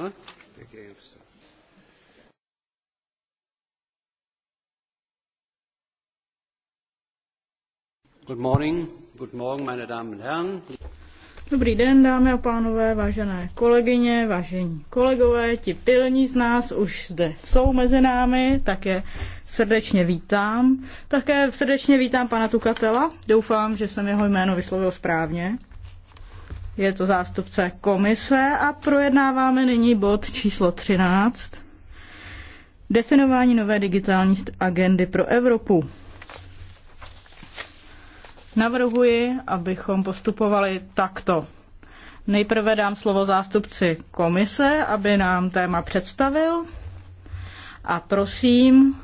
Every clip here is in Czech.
Hm? Dobrý den, dámy a pánové, vážené kolegyně, vážení kolegové, ti pilní z nás už zde jsou mezi námi, tak je srdečně vítám. Také srdečně vítám pana Tukatela, doufám, že jsem jeho jméno vyslovil správně je to zástupce komise a projednáváme nyní bod číslo 13. Definování nové digitální agendy pro Evropu. Navrhuji, abychom postupovali takto. Nejprve dám slovo zástupci komise, aby nám téma představil. A prosím,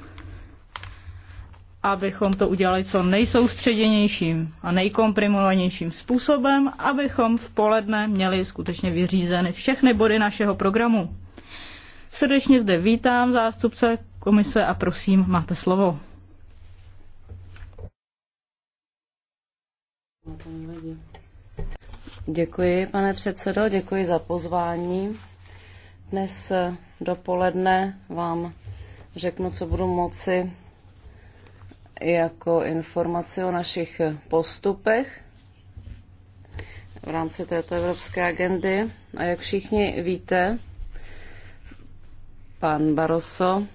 abychom to udělali co nejsoustředěnějším a nejkomprimovanějším způsobem, abychom v poledne měli skutečně vyřízeny všechny body našeho programu. Srdečně zde vítám zástupce komise a prosím, máte slovo. Děkuji, pane předsedo, děkuji za pozvání. Dnes dopoledne vám řeknu, co budu moci jako informaci o našich postupech v rámci této evropské agendy. A jak všichni víte, pan Barroso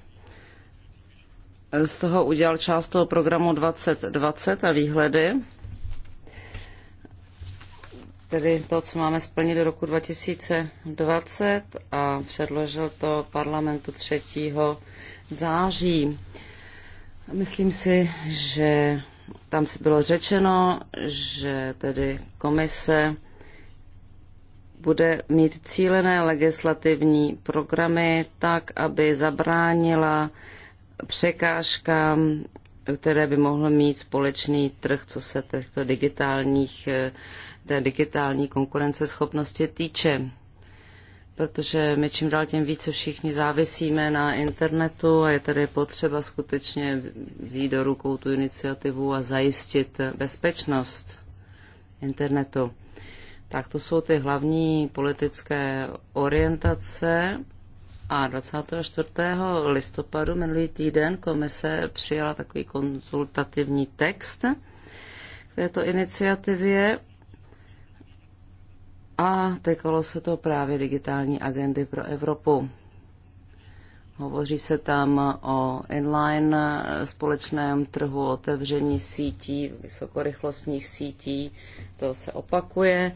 z toho udělal část toho programu 2020 a výhledy, tedy to, co máme splnit do roku 2020 a předložil to parlamentu 3. září. Myslím si, že tam bylo řečeno, že tedy komise bude mít cílené legislativní programy tak, aby zabránila překážkám, které by mohl mít společný trh, co se těchto digitálních, té digitální konkurenceschopnosti týče protože my čím dál tím více všichni závisíme na internetu a je tedy potřeba skutečně vzít do rukou tu iniciativu a zajistit bezpečnost internetu. Tak to jsou ty hlavní politické orientace. A 24. listopadu minulý týden komise přijala takový konzultativní text k této iniciativě a týkalo se to právě digitální agendy pro Evropu. Hovoří se tam o inline společném trhu, otevření sítí, vysokorychlostních sítí, to se opakuje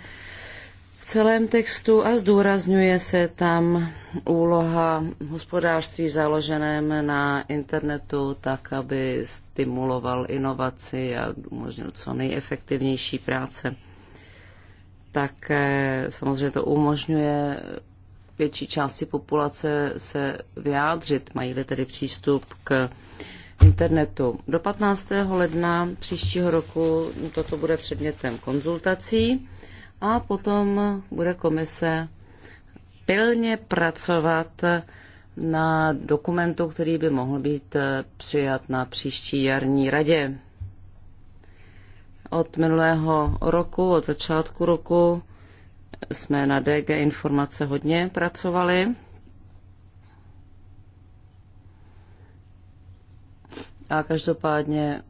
v celém textu a zdůrazňuje se tam úloha hospodářství založeném na internetu tak, aby stimuloval inovaci a umožnil co nejefektivnější práce také eh, samozřejmě to umožňuje větší části populace se vyjádřit, mají-li tedy přístup k internetu. Do 15. ledna příštího roku toto bude předmětem konzultací a potom bude komise pilně pracovat na dokumentu, který by mohl být eh, přijat na příští jarní radě. Od minulého roku, od začátku roku jsme na DG Informace hodně pracovali. A každopádně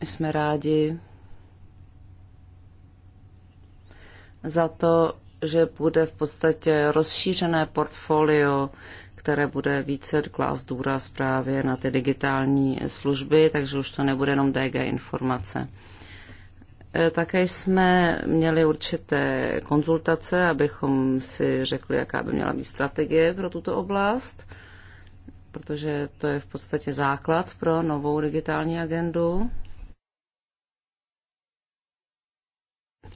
jsme rádi za to, že bude v podstatě rozšířené portfolio, které bude více klást důraz právě na ty digitální služby, takže už to nebude jenom DG informace. Eh, také jsme měli určité konzultace, abychom si řekli, jaká by měla být strategie pro tuto oblast, protože to je v podstatě základ pro novou digitální agendu.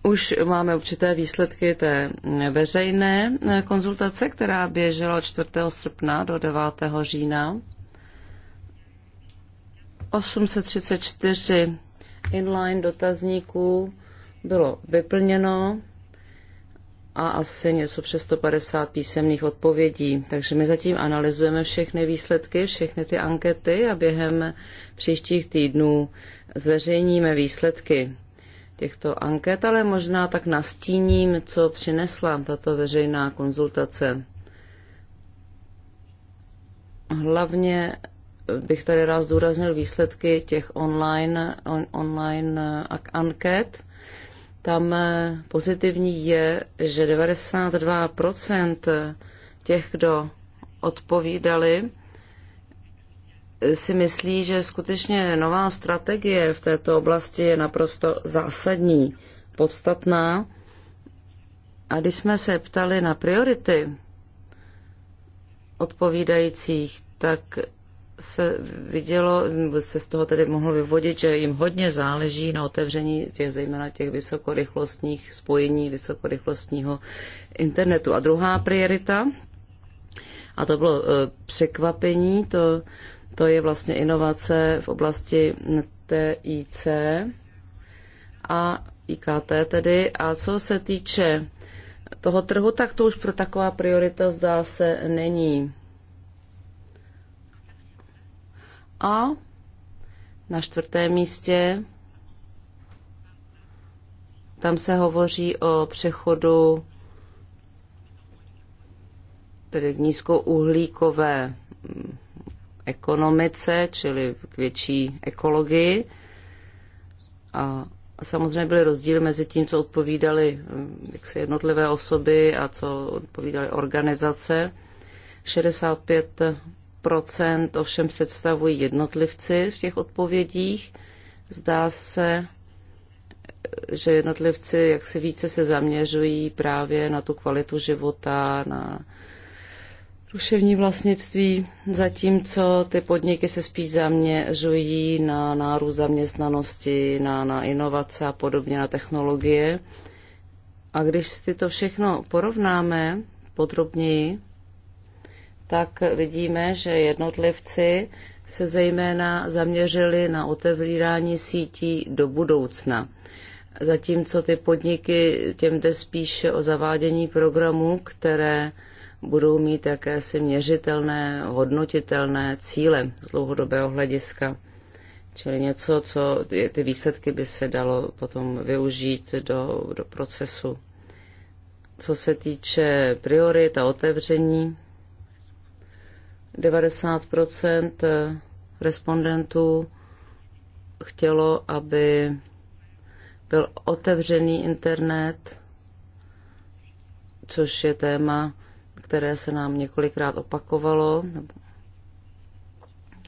Už máme určité výsledky té veřejné eh, konzultace, která běžela od 4. srpna do 9. října. 834 inline dotazníků bylo vyplněno a asi něco přes 150 písemných odpovědí. Takže my zatím analyzujeme všechny výsledky, všechny ty ankety a během příštích týdnů zveřejníme výsledky těchto anket, ale možná tak nastíním, co přinesla tato veřejná konzultace. Hlavně bych tady rád zdůraznil výsledky těch online, on, online eh, anket. Tam eh, pozitivní je, že 92% těch, kdo odpovídali, eh, si myslí, že skutečně nová strategie v této oblasti je naprosto zásadní, podstatná. A když jsme se ptali na priority odpovídajících, tak se vidělo, se z toho tedy mohlo vyvodit, že jim hodně záleží na otevření těch, zejména těch vysokorychlostních spojení vysokorychlostního internetu. A druhá priorita, a to bylo e, překvapení, to, to je vlastně inovace v oblasti TIC a IKT tedy. A co se týče toho trhu, tak to už pro taková priorita zdá se není. A na čtvrtém místě tam se hovoří o přechodu tedy k nízkouhlíkové mm, ekonomice, čili k větší ekologii. A samozřejmě byly rozdíly mezi tím, co mm, jak jaksi jednotlivé osoby a co odpovídaly organizace. 65 ovšem představují jednotlivci v těch odpovědích. Zdá se, že jednotlivci jak se více se zaměřují právě na tu kvalitu života, na duševní vlastnictví, zatímco ty podniky se spíš zaměřují na náru zaměstnanosti, na, na inovace a podobně, na technologie. A když si to všechno porovnáme podrobněji, tak vidíme, že jednotlivci se zejména zaměřili na otevírání sítí do budoucna. Zatímco ty podniky, těm jde spíše o zavádění programů, které budou mít jakési měřitelné, hodnotitelné cíle z dlouhodobého hlediska. Čili něco, co ty výsledky by se dalo potom využít do, do procesu. Co se týče priorit a otevření, 90 eh, respondentů chtělo, aby byl otevřený internet, což je téma, které se nám několikrát opakovalo,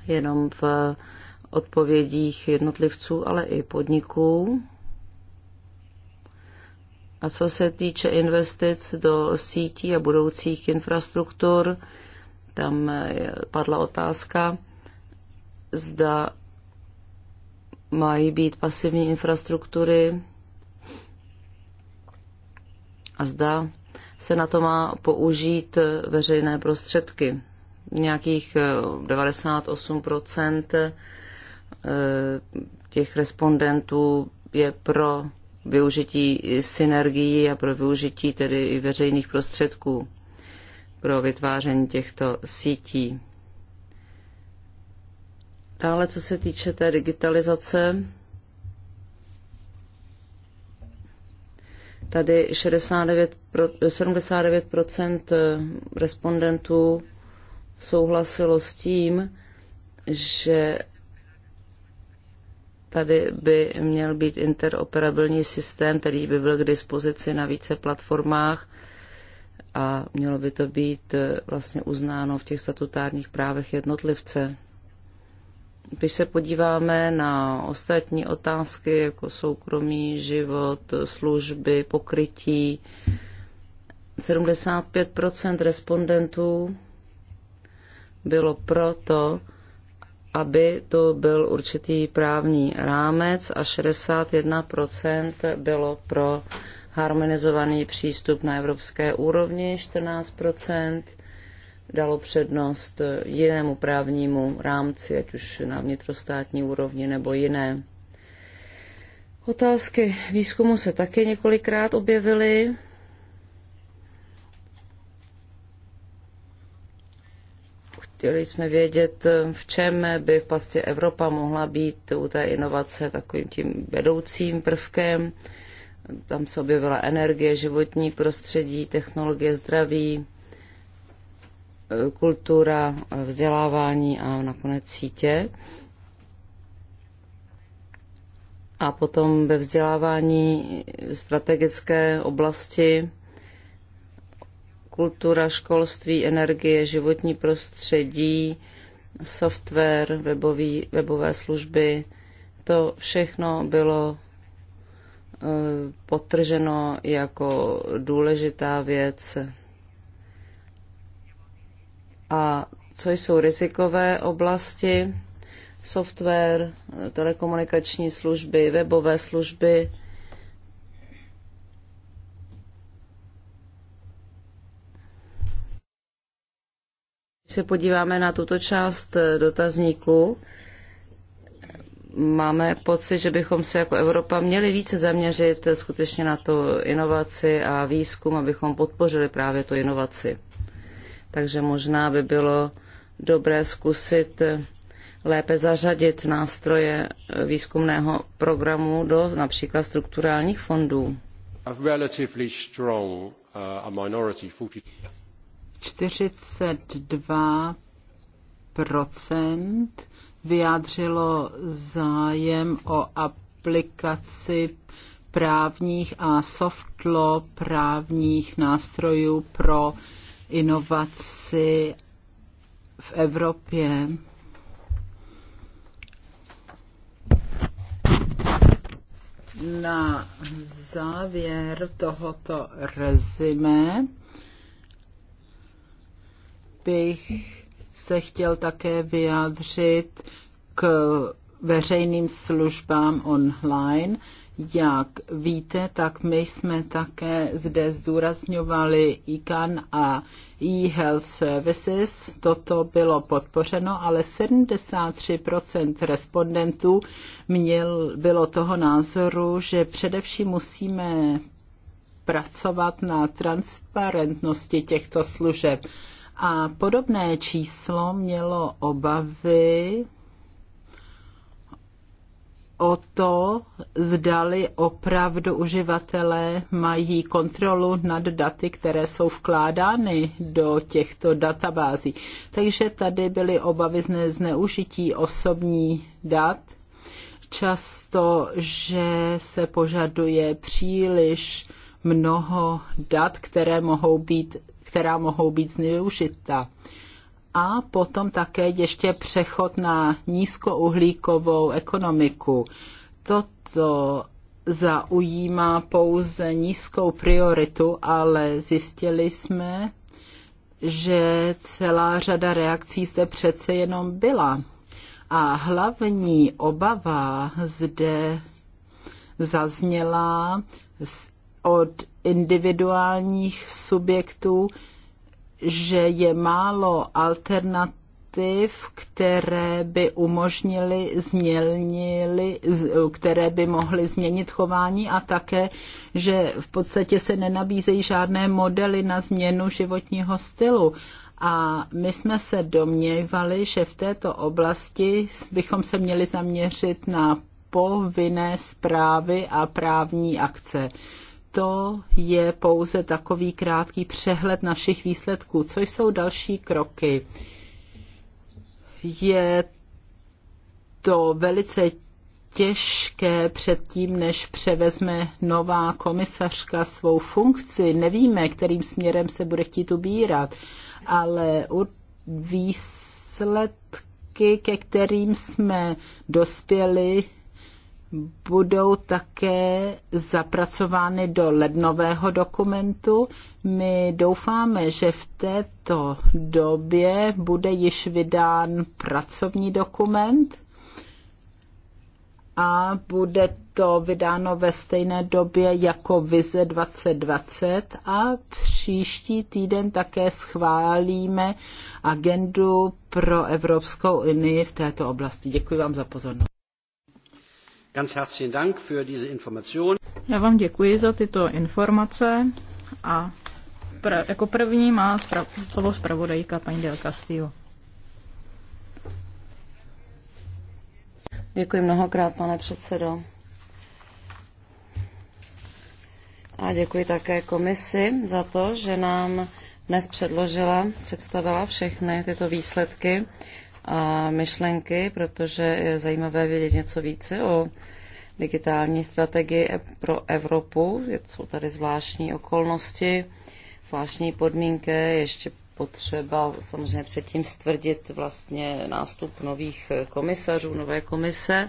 jenom v odpovědích jednotlivců, ale i podniků. A co se týče investic do sítí a budoucích infrastruktur, tam eh, padla otázka, zda mají být pasivní infrastruktury a zda se na to má použít eh, veřejné prostředky. Nějakých 98% eh, těch respondentů je pro využití synergií a pro využití tedy i veřejných prostředků pro vytváření těchto sítí. Dále, co se týče té digitalizace, tady 69 79 eh, respondentů souhlasilo s tím, že tady by měl být interoperabilní systém, který by byl k dispozici na více platformách a mělo by to být eh, vlastně uznáno v těch statutárních právech jednotlivce. Když se podíváme na ostatní otázky, jako soukromý život, služby, pokrytí, 75 respondentů bylo proto, aby to byl určitý právní rámec a 61 bylo pro harmonizovaný přístup na evropské úrovni 14 dalo přednost jinému právnímu rámci, ať už na vnitrostátní úrovni nebo jiné. Otázky výzkumu se také několikrát objevily. Chtěli jsme vědět, v čem by v pastě Evropa mohla být u té inovace takovým tím vedoucím prvkem. Tam se objevila energie, životní prostředí, technologie, zdraví, e, kultura, e, vzdělávání a nakonec sítě. A potom ve vzdělávání strategické oblasti kultura, školství, energie, životní prostředí, software, webový, webové služby. To všechno bylo Eh, potrženo jako důležitá věc. A co jsou rizikové oblasti? Software, telekomunikační služby, webové služby. Když se podíváme na tuto část eh, dotazníku, máme pocit, že bychom se jako Evropa měli více zaměřit skutečně na to inovaci a výzkum, abychom podpořili právě tu inovaci. Takže možná by bylo dobré zkusit lépe zařadit nástroje výzkumného programu do například strukturálních fondů. 42 vyjádřilo zájem o aplikaci právních a soft law právních nástrojů pro inovaci v Evropě. Na závěr tohoto rezime bych se chtěl také vyjádřit k veřejným službám online. Jak víte, tak my jsme také zde zdůrazňovali ICAN a e-health services. Toto bylo podpořeno, ale 73% respondentů měl, bylo toho názoru, že především musíme pracovat na transparentnosti těchto služeb a podobné číslo mělo obavy o to, zdali opravdu uživatelé mají kontrolu nad daty, které jsou vkládány do těchto databází. Takže tady byly obavy z zneužití osobní dat, často, že se požaduje příliš mnoho dat, které mohou být, která mohou být zneužita. A potom také ještě přechod na nízkouhlíkovou ekonomiku. Toto zaujímá pouze nízkou prioritu, ale zjistili jsme, že celá řada reakcí zde přece jenom byla. A hlavní obava zde zazněla z od individuálních subjektů, že je málo alternativ, které by umožnili, změnili, které by mohly změnit chování a také, že v podstatě se nenabízejí žádné modely na změnu životního stylu. A my jsme se domněvali, že v této oblasti bychom se měli zaměřit na povinné zprávy a právní akce to je pouze takový krátký přehled našich výsledků. Co jsou další kroky? Je to velice těžké předtím, než převezme nová komisařka svou funkci. Nevíme, kterým směrem se bude chtít ubírat, ale výsledky, ke kterým jsme dospěli, budou také zapracovány do lednového dokumentu. My doufáme, že v této době bude již vydán pracovní dokument a bude to vydáno ve stejné době jako Vize 2020 a příští týden také schválíme agendu pro Evropskou unii v této oblasti. Děkuji vám za pozornost. Ganz herzlichen Dank für diese Information. Já vám děkuji za tyto informace a pr- jako první má slovo zpravodajka paní Del Castillo. Děkuji mnohokrát, pane předsedo. A děkuji také komisi za to, že nám dnes předložila, představila všechny tyto výsledky a myšlenky, protože je zajímavé vědět něco více o digitální strategii pro Evropu. Jsou tady zvláštní okolnosti, zvláštní podmínky, ještě potřeba samozřejmě předtím stvrdit vlastně nástup nových komisařů, nové komise.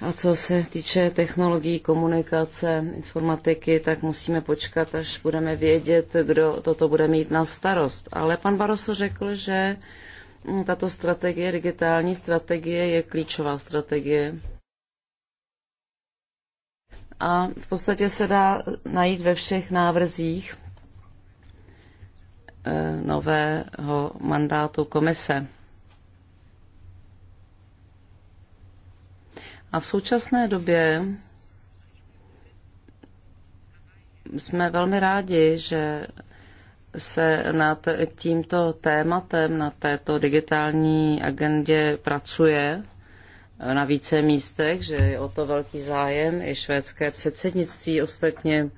A co se týče technologií, komunikace, informatiky, tak musíme počkat, až budeme vědět, kdo toto bude mít na starost. Ale pan Baroso řekl, že tato strategie, digitální strategie, je klíčová strategie. A v podstatě se dá najít ve všech návrzích eh, nového mandátu komise. A v současné době jsme velmi rádi, že se nad tímto tématem, na této digitální agendě pracuje na více místech, že je o to velký zájem. I švédské předsednictví ostatně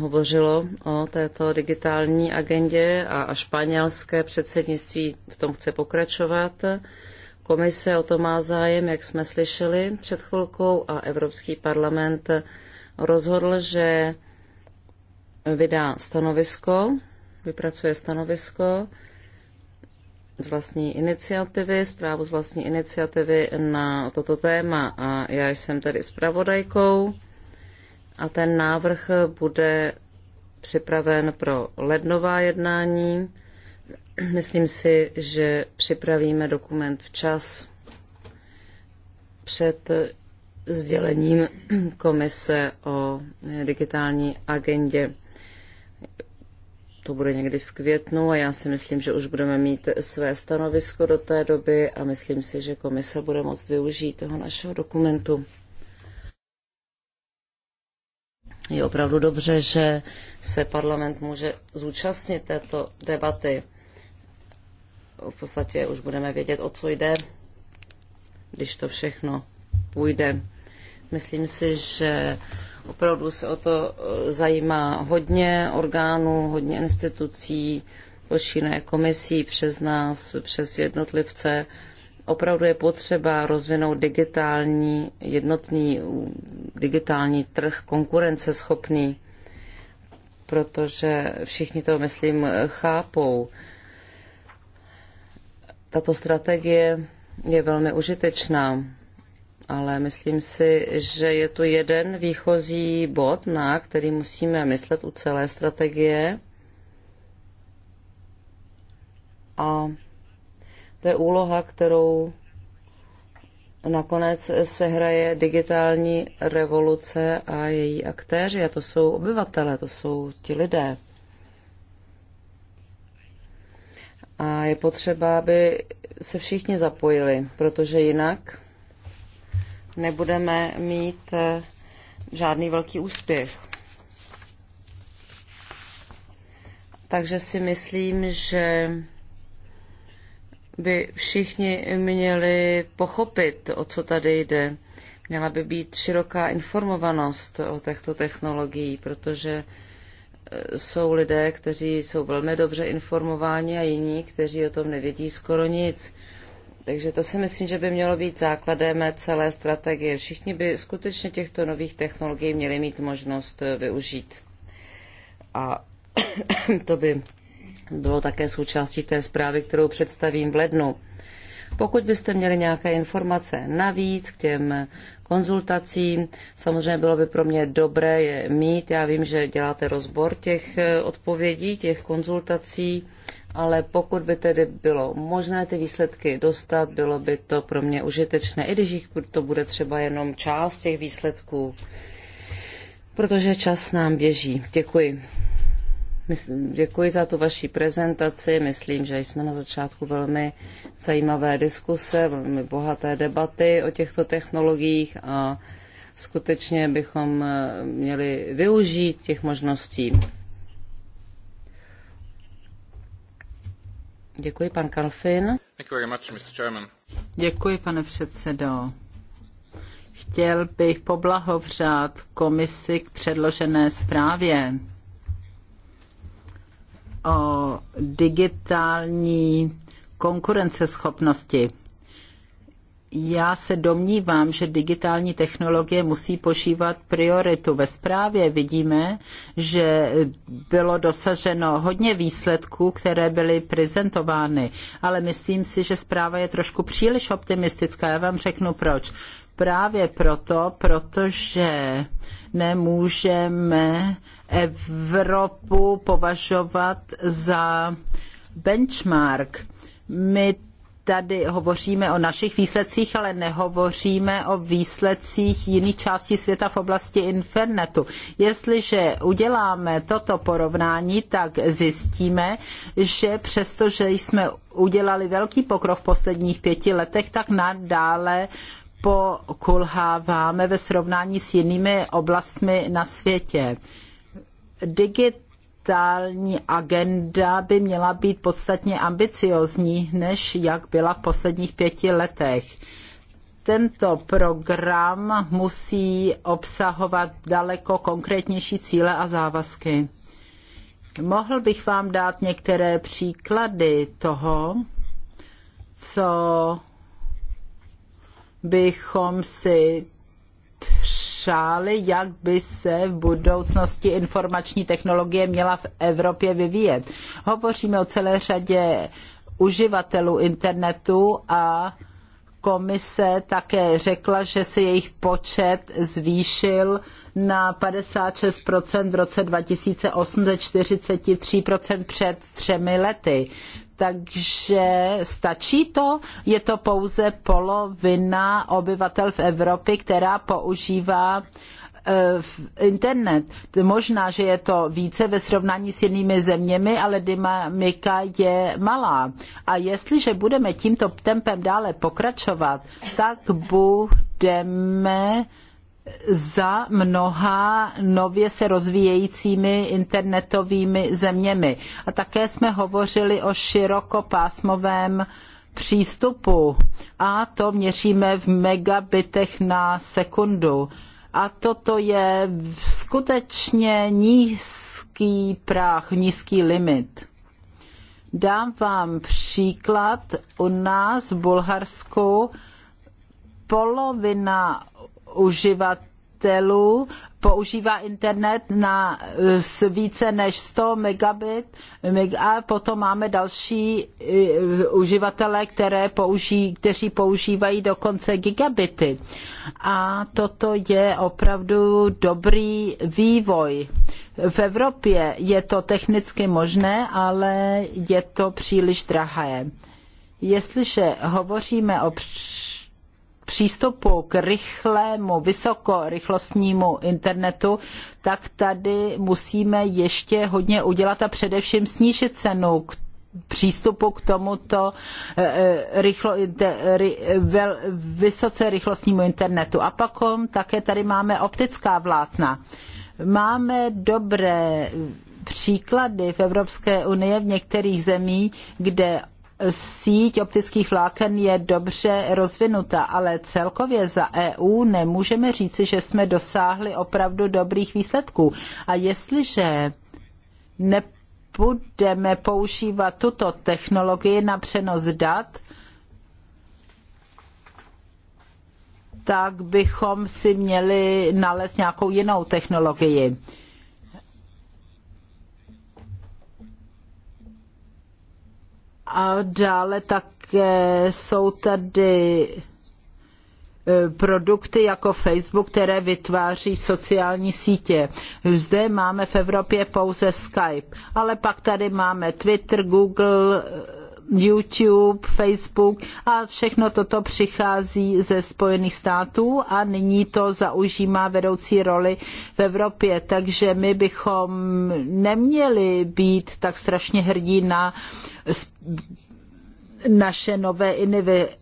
hovořilo o této digitální agendě a španělské předsednictví v tom chce pokračovat. Komise o to má zájem, jak jsme slyšeli před chvilkou, a Evropský parlament rozhodl, že vydá stanovisko, vypracuje stanovisko z vlastní iniciativy, zprávu z vlastní iniciativy na toto téma. A já jsem tady zpravodajkou a ten návrh bude připraven pro lednová jednání. Myslím si, že připravíme dokument včas před sdělením komise o digitální agendě to bude někdy v květnu a já si myslím, že už budeme mít své stanovisko do té doby a myslím si, že komise bude moct využít toho našeho dokumentu. Je opravdu dobře, že se parlament může zúčastnit této debaty. V podstatě už budeme vědět, o co jde, když to všechno půjde. Myslím si, že Opravdu se o to eh, zajímá hodně orgánů, hodně institucí, počínaje komisí přes nás, přes jednotlivce. Opravdu je potřeba rozvinout digitální, jednotný digitální trh, konkurenceschopný, protože všichni to, myslím, chápou. Tato strategie je velmi užitečná ale myslím si, že je to jeden výchozí bod, na který musíme myslet u celé strategie. A to je úloha, kterou nakonec se hraje digitální revoluce a její aktéři, a to jsou obyvatele, to jsou ti lidé. A je potřeba, aby se všichni zapojili, protože jinak nebudeme mít eh, žádný velký úspěch. Takže si myslím, že by všichni měli pochopit, o co tady jde. Měla by být široká informovanost o těchto technologií, protože eh, jsou lidé, kteří jsou velmi dobře informováni a jiní, kteří o tom nevědí skoro nic. Takže to si myslím, že by mělo být základem celé strategie. Všichni by skutečně těchto nových technologií měli mít možnost eh, využít. A to by bylo také součástí té zprávy, kterou představím v lednu. Pokud byste měli nějaké informace navíc k těm konzultacím, samozřejmě bylo by pro mě dobré je mít. Já vím, že děláte rozbor těch eh, odpovědí, těch konzultací ale pokud by tedy bylo možné ty výsledky dostat, bylo by to pro mě užitečné, i když jich to bude třeba jenom část těch výsledků, protože čas nám běží. Děkuji. Myslím, děkuji za tu vaši prezentaci. Myslím, že jsme na začátku velmi zajímavé diskuse, velmi bohaté debaty o těchto technologiích a skutečně bychom eh, měli využít těch možností. Děkuji, pan Kalfin. Děkuji, pane předsedo. Chtěl bych poblahopřát komisi k předložené zprávě o digitální konkurenceschopnosti já se domnívám, že digitální technologie musí požívat prioritu. Ve zprávě vidíme, že bylo dosaženo hodně výsledků, které byly prezentovány, ale myslím si, že zpráva je trošku příliš optimistická. Já vám řeknu proč. Právě proto, protože nemůžeme Evropu považovat za benchmark. My tady hovoříme o našich výsledcích, ale nehovoříme o výsledcích jiných částí světa v oblasti internetu. Jestliže uděláme toto porovnání, tak zjistíme, že přestože jsme udělali velký pokrok v posledních pěti letech, tak nadále pokulháváme ve srovnání s jinými oblastmi na světě. Digit digitální agenda by měla být podstatně ambiciozní, než jak byla v posledních pěti letech tento program musí obsahovat daleko konkrétnější cíle a závazky. Mohl bych vám dát některé příklady toho, co bychom si přáli, jak by se v budoucnosti informační technologie měla v Evropě vyvíjet. Hovoříme o celé řadě uživatelů internetu a komise také řekla, že se jejich počet zvýšil na 56% v roce 2008 ze 43% před třemi lety. Takže stačí to? Je to pouze polovina obyvatel v Evropě, která používá eh, internet. Možná, že je to více ve srovnání s jinými zeměmi, ale dynamika je malá. A jestliže budeme tímto tempem dále pokračovat, tak budeme za mnoha nově se rozvíjejícími internetovými zeměmi. A také jsme hovořili o širokopásmovém přístupu a to měříme v megabitech na sekundu. A toto je skutečně nízký práh, nízký limit. Dám vám příklad. U nás v Bulharsku polovina uživatelů používá internet na s více než 100 megabit a potom máme další eh, uživatele, které použí, kteří používají dokonce gigabity. A toto je opravdu dobrý vývoj. V Evropě je to technicky možné, ale je to příliš drahé. Jestliže hovoříme o přístupu k rychlému, vysokorychlostnímu internetu, tak tady musíme ještě hodně udělat a především snížit cenu k přístupu k tomuto eh, eh, rychlo, vysoce rychlostnímu internetu. A pak také tady máme optická vlátna. Máme dobré příklady v Evropské unii v některých zemích, kde síť optických vláken je dobře rozvinuta, ale celkově za EU nemůžeme říci, že jsme dosáhli opravdu dobrých výsledků. A jestliže nebudeme používat tuto technologii na přenos dat, tak bychom si měli nalézt nějakou jinou technologii. A dále také jsou tady e, produkty jako Facebook, které vytváří sociální sítě. Zde máme v Evropě pouze Skype, ale pak tady máme Twitter, Google, YouTube, Facebook a všechno toto přichází ze Spojených států a nyní to zaužívá vedoucí roli v Evropě. Takže my bychom neměli být tak strašně hrdí na naše nové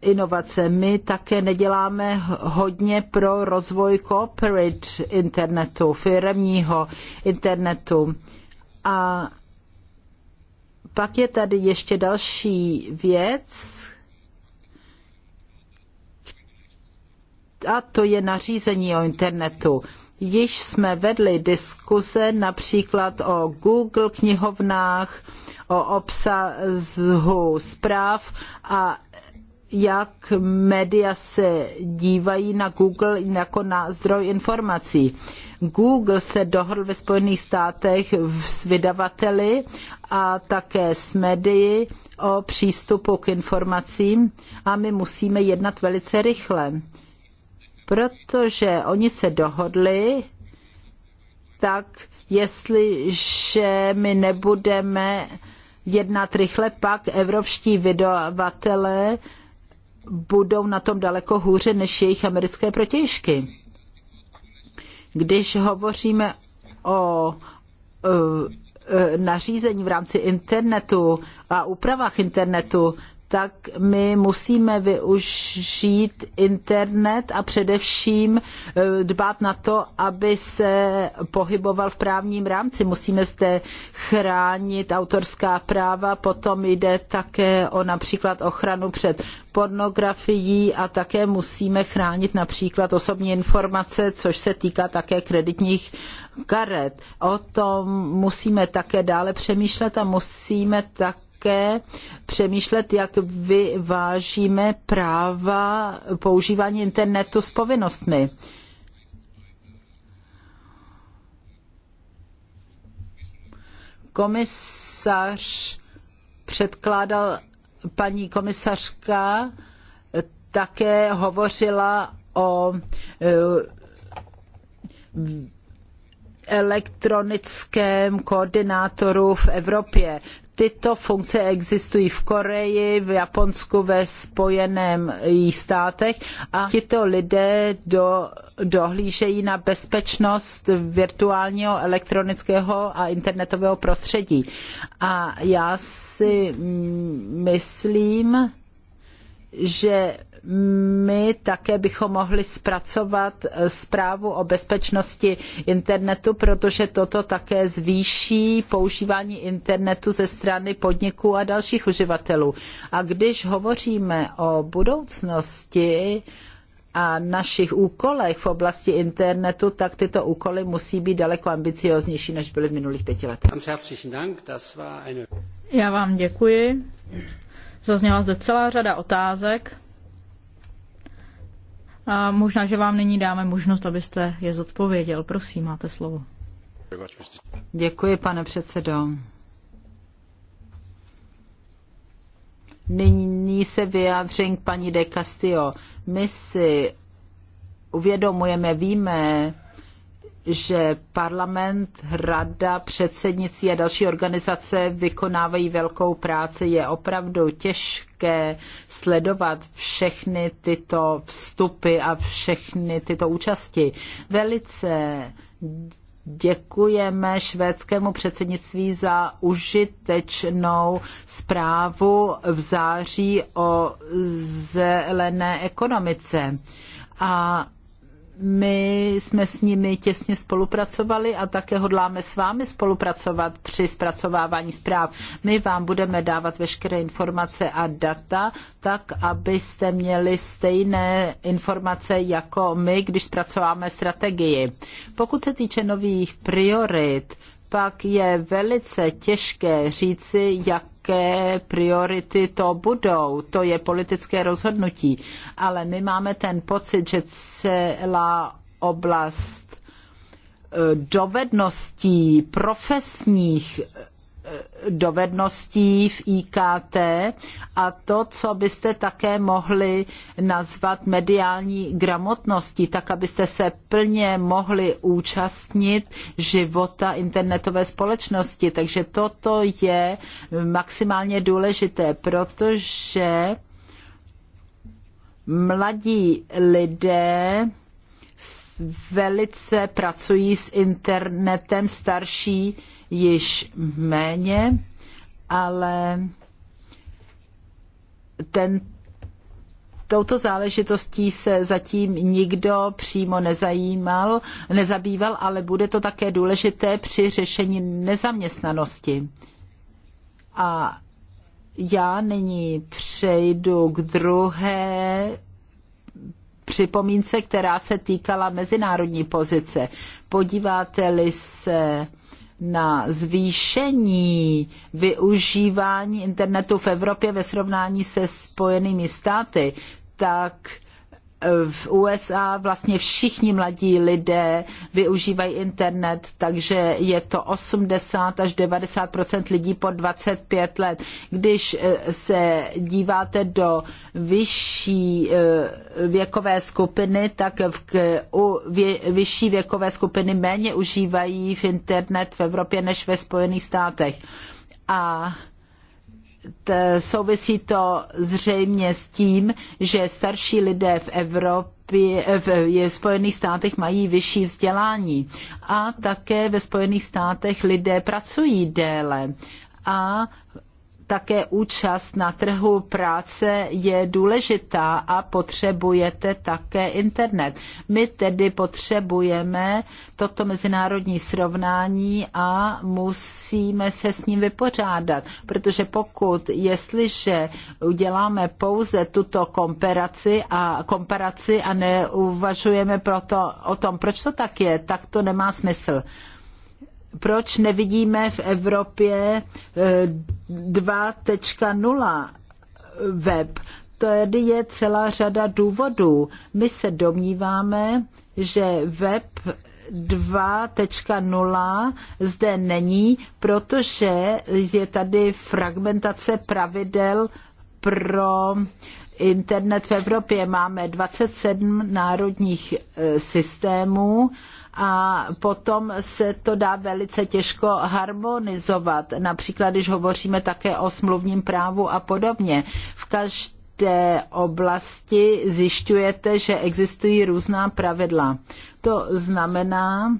inovace. My také neděláme hodně pro rozvoj corporate internetu, firemního internetu. A pak je tady ještě další věc, a to je nařízení o internetu. Již jsme vedli diskuze například o Google knihovnách, o obsahu zpráv a jak média se dívají na Google jako na zdroj informací. Google se dohodl ve Spojených státech s vydavateli a také s médii o přístupu k informacím a my musíme jednat velice rychle, protože oni se dohodli, tak jestliže my nebudeme jednat rychle, pak evropští vydavatelé budou na tom daleko hůře než jejich americké protějšky. Když hovoříme o e, nařízení v rámci internetu a úpravách internetu, tak my musíme využít internet a především eh, dbát na to, aby se pohyboval v právním rámci. Musíme zde chránit autorská práva, potom jde také o například ochranu před pornografií a také musíme chránit například osobní informace, což se týká také kreditních karet. O tom musíme také dále přemýšlet a musíme tak také přemýšlet, jak vyvážíme práva používání internetu s povinnostmi. Komisař předkládal paní komisařka také hovořila o e, elektronickém koordinátoru v Evropě. Tyto funkce existují v Koreji, v Japonsku, ve Spojeném státech a tito lidé do, dohlížejí na bezpečnost virtuálního, elektronického a internetového prostředí. A já si myslím, že my také bychom mohli zpracovat eh, zprávu o bezpečnosti internetu, protože toto také zvýší používání internetu ze strany podniků a dalších uživatelů. A když hovoříme o budoucnosti, a našich úkolech v oblasti internetu, tak tyto úkoly musí být daleko ambicióznější, než byly v minulých pěti letech. Já vám děkuji. Zazněla zde celá řada otázek. A možná, že vám nyní dáme možnost, abyste je zodpověděl. Prosím, máte slovo. Děkuji, pane předsedo. Nyní se vyjádřím k paní de Castillo. My si uvědomujeme, víme, že parlament, rada, předsednictví a další organizace vykonávají velkou práci. Je opravdu těžké také sledovat všechny tyto vstupy a všechny tyto účasti. Velice Děkujeme švédskému předsednictví za užitečnou zprávu v září o zelené ekonomice. A my jsme s nimi těsně spolupracovali a také hodláme s vámi spolupracovat při zpracovávání zpráv. My vám budeme dávat veškeré informace a data, tak abyste měli stejné informace jako my, když zpracováme strategii. Pokud se týče nových priorit, pak je velice těžké říci, jak jaké priority to budou. To je politické rozhodnutí. Ale my máme ten pocit, že celá oblast eh, dovedností profesních dovedností v IKT a to, co byste také mohli nazvat mediální gramotností, tak abyste se plně mohli účastnit života internetové společnosti. Takže toto je maximálně důležité, protože mladí lidé velice pracují s internetem, starší již méně, ale ten, touto záležitostí se zatím nikdo přímo nezajímal, nezabýval, ale bude to také důležité při řešení nezaměstnanosti. A já nyní přejdu k druhé připomínce, která se týkala mezinárodní pozice. Podíváte-li se na zvýšení využívání internetu v Evropě ve srovnání se Spojenými státy, tak v USA vlastně všichni mladí lidé využívají internet, takže je to 80 až 90 lidí pod 25 let. Když eh, se díváte do vyšší eh, věkové skupiny, tak v, u vě, vyšší věkové skupiny méně užívají v internet v Evropě než ve Spojených státech. A souvisí to zřejmě s tím, že starší lidé v Evropě, v Spojených státech mají vyšší vzdělání a také ve Spojených státech lidé pracují déle a také účast na trhu práce je důležitá a potřebujete také internet. My tedy potřebujeme toto mezinárodní srovnání a musíme se s ním vypořádat, protože pokud, jestliže uděláme pouze tuto komparaci a, komparaci a neuvažujeme proto o tom, proč to tak je, tak to nemá smysl proč nevidíme v Evropě 2.0 eh, web. To je celá řada důvodů. My se domníváme, že web 2.0 zde není, protože je tady fragmentace pravidel pro internet v Evropě. Máme 27 národních eh, systémů a potom se to dá velice těžko harmonizovat. Například, když hovoříme také o smluvním právu a podobně. V každé oblasti zjišťujete, že existují různá pravidla. To znamená,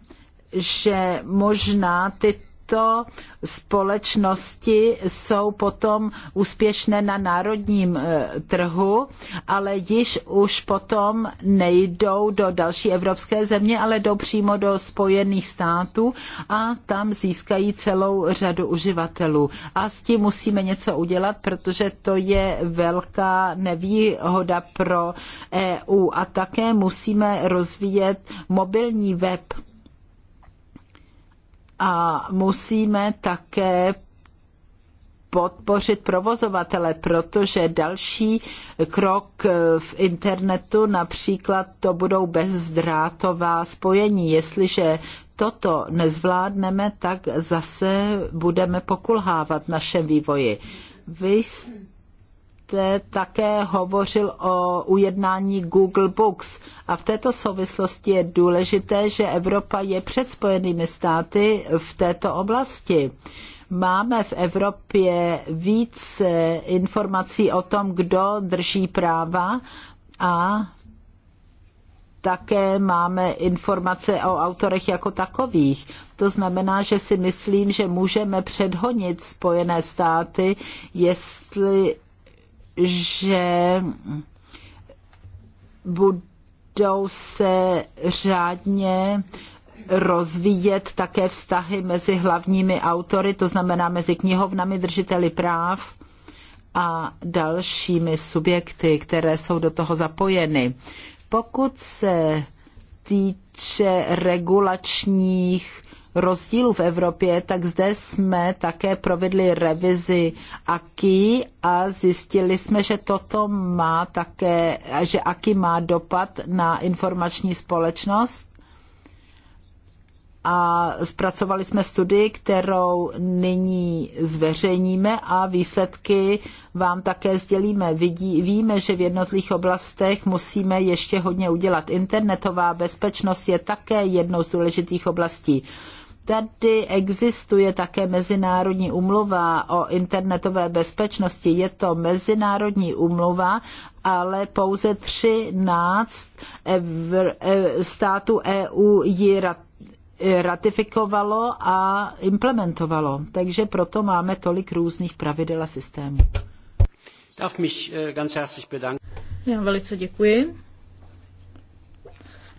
že možná ty tyto společnosti jsou potom úspěšné na národním e, trhu, ale již už potom nejdou do další evropské země, ale jdou přímo do Spojených států a tam získají celou řadu uživatelů. A s tím musíme něco udělat, protože to je velká nevýhoda pro EU a také musíme rozvíjet mobilní web a musíme také podpořit provozovatele, protože další krok v internetu například to budou bezdrátová spojení. Jestliže toto nezvládneme, tak zase budeme pokulhávat v našem vývoji. Vy jste jste také hovořil o ujednání Google Books a v této souvislosti je důležité, že Evropa je před spojenými státy v této oblasti. Máme v Evropě více eh, informací o tom, kdo drží práva a také máme informace o autorech jako takových. To znamená, že si myslím, že můžeme předhonit Spojené státy, jestli že budou se řádně rozvíjet také vztahy mezi hlavními autory, to znamená mezi knihovnami, držiteli práv a dalšími subjekty, které jsou do toho zapojeny. Pokud se týče regulačních rozdílů v Evropě, tak zde jsme také provedli revizi AKI a zjistili jsme, že toto má také, že AKI má dopad na informační společnost a zpracovali jsme studii, kterou nyní zveřejníme a výsledky vám také sdělíme. Vidí, víme, že v jednotlivých oblastech musíme ještě hodně udělat. Internetová bezpečnost je také jednou z důležitých oblastí. Tady existuje také mezinárodní umluva o internetové bezpečnosti. Je to mezinárodní umluva, ale pouze 13 e, států EU ji ratifikovalo a implementovalo. Takže proto máme tolik různých pravidel a systémů. Äh, Já velice děkuji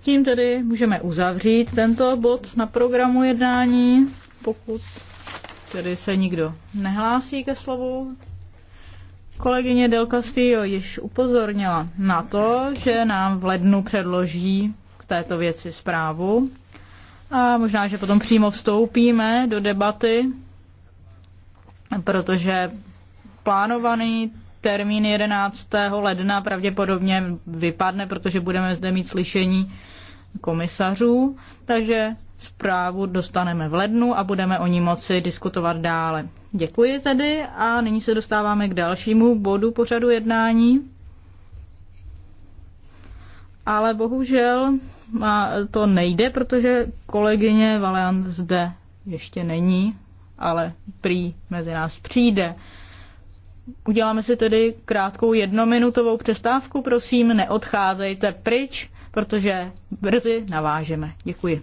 tím tedy můžeme uzavřít tento bod na programu jednání, pokud tedy se nikdo nehlásí ke slovu. Kolegyně Del Castillo již upozornila na to, že nám v lednu předloží k této věci zprávu a možná, že potom přímo vstoupíme do debaty, protože plánovaný termín 11. ledna pravděpodobně vypadne, protože budeme zde mít slyšení komisařů, takže zprávu dostaneme v lednu a budeme o ní moci diskutovat dále. Děkuji tedy a nyní se dostáváme k dalšímu bodu pořadu jednání. Ale bohužel to nejde, protože kolegyně Valiant zde ještě není, ale prý mezi nás přijde. Uděláme si tedy krátkou jednominutovou přestávku, prosím, neodcházejte pryč, protože brzy navážeme. Děkuji.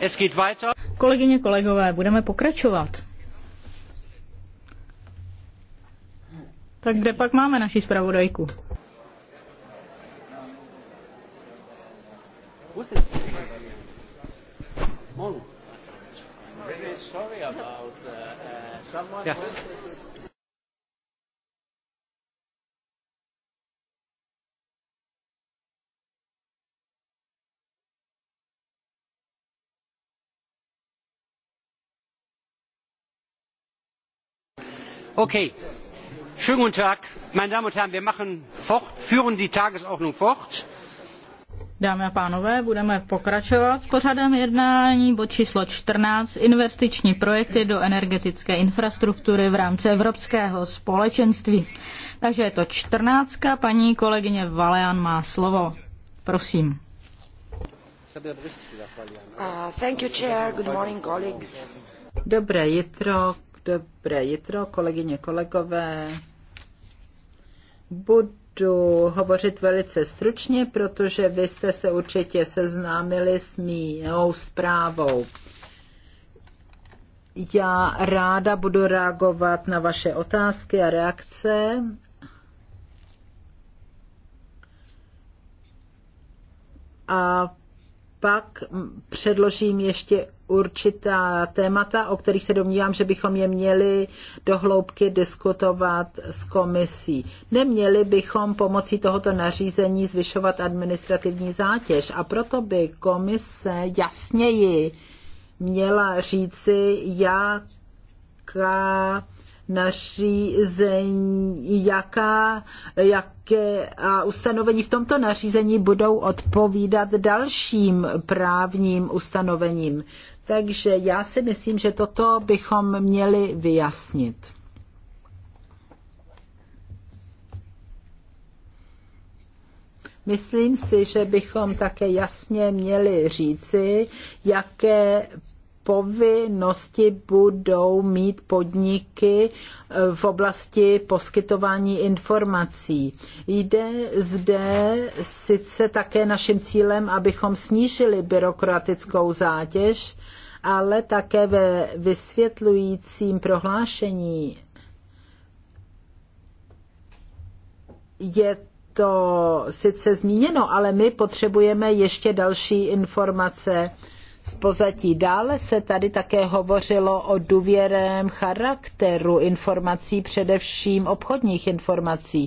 es Kolegyně, kolegové, budeme pokračovat. Tak kde pak máme naši zpravodajku? Sorry about uh, uh, someone yes. Schönen guten Tag, meine Damen und Herren, wir führen die Tagesordnung fort. Dámy a pánové, budeme pokračovat s pořadem jednání bod číslo čtrnáct investiční projekty do energetické infrastruktury v rámci Evropského společenství. Takže je to čtrnáctka Paní kolegyně Valean má slovo. Prosím. Uh, thank you, chair. Good morning, colleagues. Dobré jitro, Dobré jitro, kolegyně, kolegové. Budu hovořit velice stručně, protože vy jste se určitě seznámili s mou zprávou. Já ráda budu reagovat na vaše otázky a reakce a pak předložím ještě určitá témata, o kterých se domnívám, že bychom je měli dohloubky diskutovat s komisí. Neměli bychom pomocí tohoto nařízení zvyšovat administrativní zátěž a proto by komise jasněji měla říci, jaká nařízení, jaká, jaké a ustanovení v tomto nařízení budou odpovídat dalším právním ustanovením. Takže já si myslím, že toto bychom měli vyjasnit. Myslím si, že bychom také jasně měli říci, jaké povinnosti budou mít podniky eh, v oblasti poskytování informací. Jde zde sice také naším cílem, abychom snížili byrokratickou zátěž, ale také ve vysvětlujícím prohlášení je to sice zmíněno, ale my potřebujeme ještě další informace z pozadí. Dále se tady také hovořilo o důvěrném charakteru informací, především obchodních informací.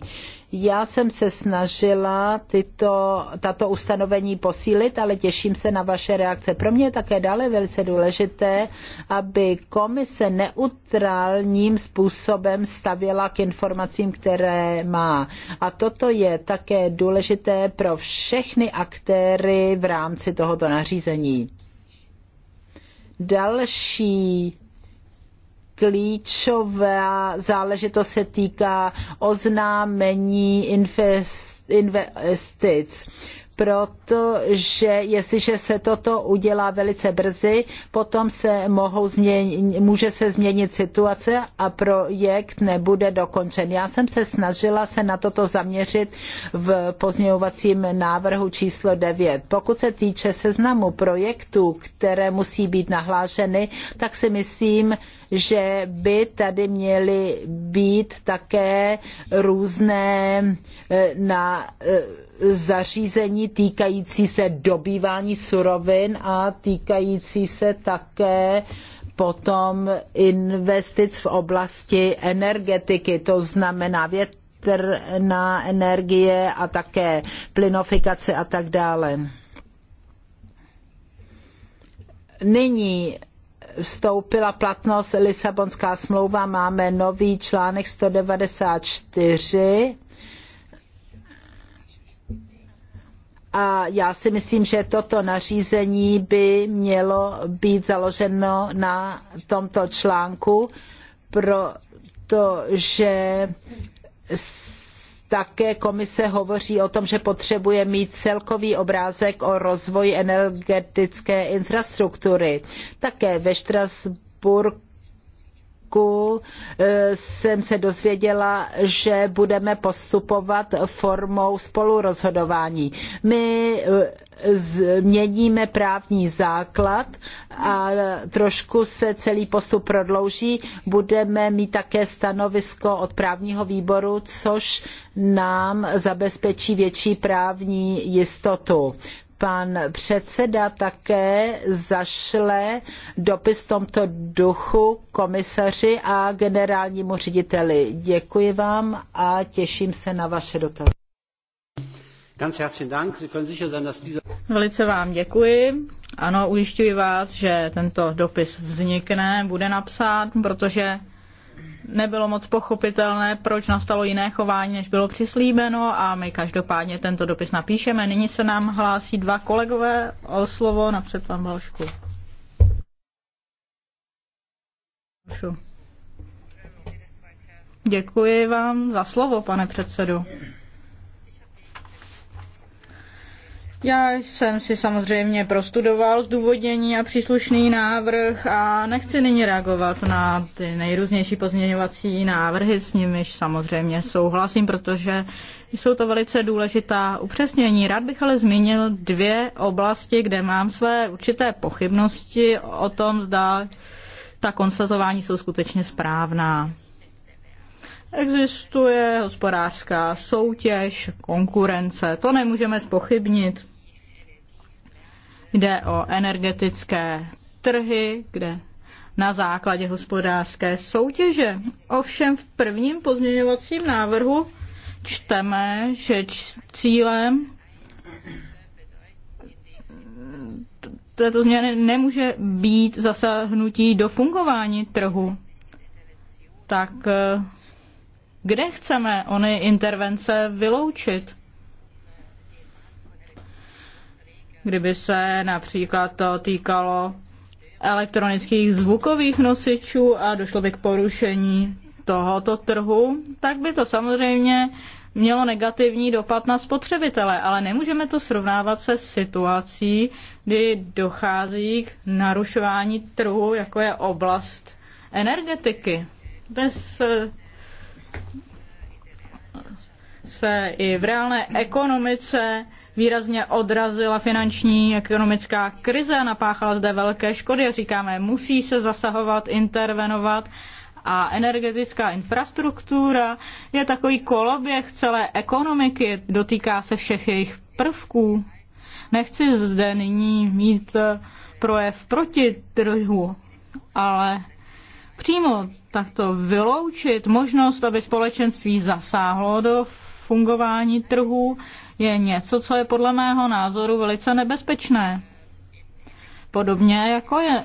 Já jsem se snažila tyto, tato ustanovení posílit, ale těším se na vaše reakce. Pro mě je také dále velice důležité, aby komise neutrálním způsobem stavěla k informacím, které má. A toto je také důležité pro všechny aktéry v rámci tohoto nařízení. Další klíčová záležitost se týká oznámení investic protože jestliže se toto udělá velice brzy, potom se mohou změnit, může se změnit situace a projekt nebude dokončen. Já jsem se snažila se na toto zaměřit v pozměňovacím návrhu číslo 9. Pokud se týče seznamu projektů, které musí být nahlášeny, tak si myslím, že by tady měly být také různé eh, na eh, zařízení týkající se dobývání surovin a týkající se také potom investic v oblasti energetiky, to znamená větrná energie a také plynofikace a tak dále. Nyní vstoupila platnost Lisabonská smlouva, máme nový článek 194 A já si myslím, že toto nařízení by mělo být založeno na tomto článku, protože také komise hovoří o tom, že potřebuje mít celkový obrázek o rozvoji energetické infrastruktury. Také ve Štrasburku roku eh, jsem se dozvěděla, že budeme postupovat formou spolurozhodování. My eh, změníme právní základ a trošku se celý postup prodlouží. Budeme mít také stanovisko od právního výboru, což nám zabezpečí větší právní jistotu pan předseda také zašle dopis v tomto duchu komisaři a generálnímu řediteli. Děkuji vám a těším se na vaše dotazy. Velice vám děkuji. Ano, ujišťuji vás, že tento dopis vznikne, bude napsán, protože nebylo moc pochopitelné, proč nastalo jiné chování, než bylo přislíbeno a my každopádně tento dopis napíšeme. Nyní se nám hlásí dva kolegové o slovo, napřed pan Balšku. Děkuji vám za slovo, pane předsedu. Já jsem si samozřejmě prostudoval zdůvodnění a příslušný návrh a nechci nyní reagovat na ty nejrůznější pozměňovací návrhy, s nimiž samozřejmě souhlasím, protože jsou to velice důležitá upřesnění. Rád bych ale zmínil dvě oblasti, kde mám své určité pochybnosti o tom, zda ta konstatování jsou skutečně správná. Existuje hospodářská soutěž, konkurence, to nemůžeme spochybnit. Jde o energetické trhy, kde na základě hospodářské soutěže. Ovšem v prvním pozměňovacím návrhu čteme, že cílem této změny nemůže být zasahnutí do fungování trhu. Tak eh, kde chceme ony intervence vyloučit? kdyby se například to týkalo elektronických zvukových nosičů a došlo by k porušení tohoto trhu, tak by to samozřejmě mělo negativní dopad na spotřebitele, ale nemůžeme to srovnávat se situací, kdy dochází k narušování trhu, jako je oblast energetiky. Dnes eh, se i v reálné ekonomice výrazně odrazila finanční ekonomická krize, napáchala zde velké škody. Říkáme, musí se zasahovat, intervenovat a energetická infrastruktura je takový koloběh celé ekonomiky, dotýká se všech jejich prvků. Nechci zde nyní mít eh, projev proti trhu, ale přímo takto vyloučit možnost, aby společenství zasáhlo do fungování trhu, je něco, co je podle mého názoru velice nebezpečné. Podobně jako je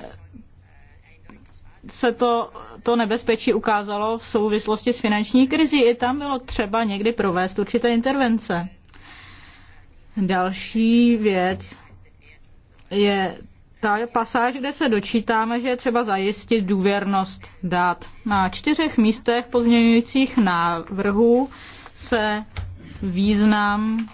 se to, to nebezpečí ukázalo v souvislosti s finanční krizí. I tam bylo třeba někdy provést určité intervence. Další věc je ta pasáž, kde se dočítáme, že je třeba zajistit důvěrnost dát. Na čtyřech místech pozměňujících návrhů se význam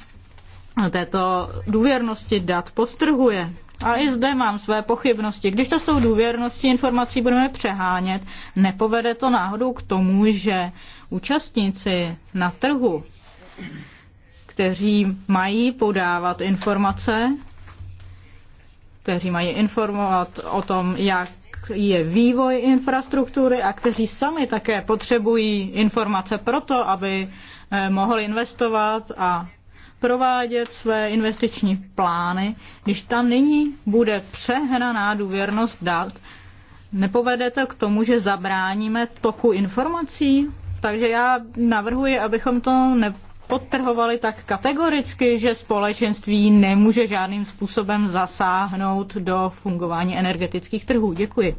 této důvěrnosti dat podtrhuje. A i zde mám své pochybnosti. Když to jsou důvěrnosti informací budeme přehánět, nepovede to náhodou k tomu, že účastníci na trhu, kteří mají podávat informace, kteří mají informovat o tom, jak je vývoj infrastruktury a kteří sami také potřebují informace proto, aby eh, mohli investovat a provádět své investiční plány, když tam nyní bude přehraná důvěrnost dat, nepovede to k tomu, že zabráníme toku informací? Takže já navrhuji, abychom to nepodtrhovali tak kategoricky, že společenství nemůže žádným způsobem zasáhnout do fungování energetických trhů. Děkuji.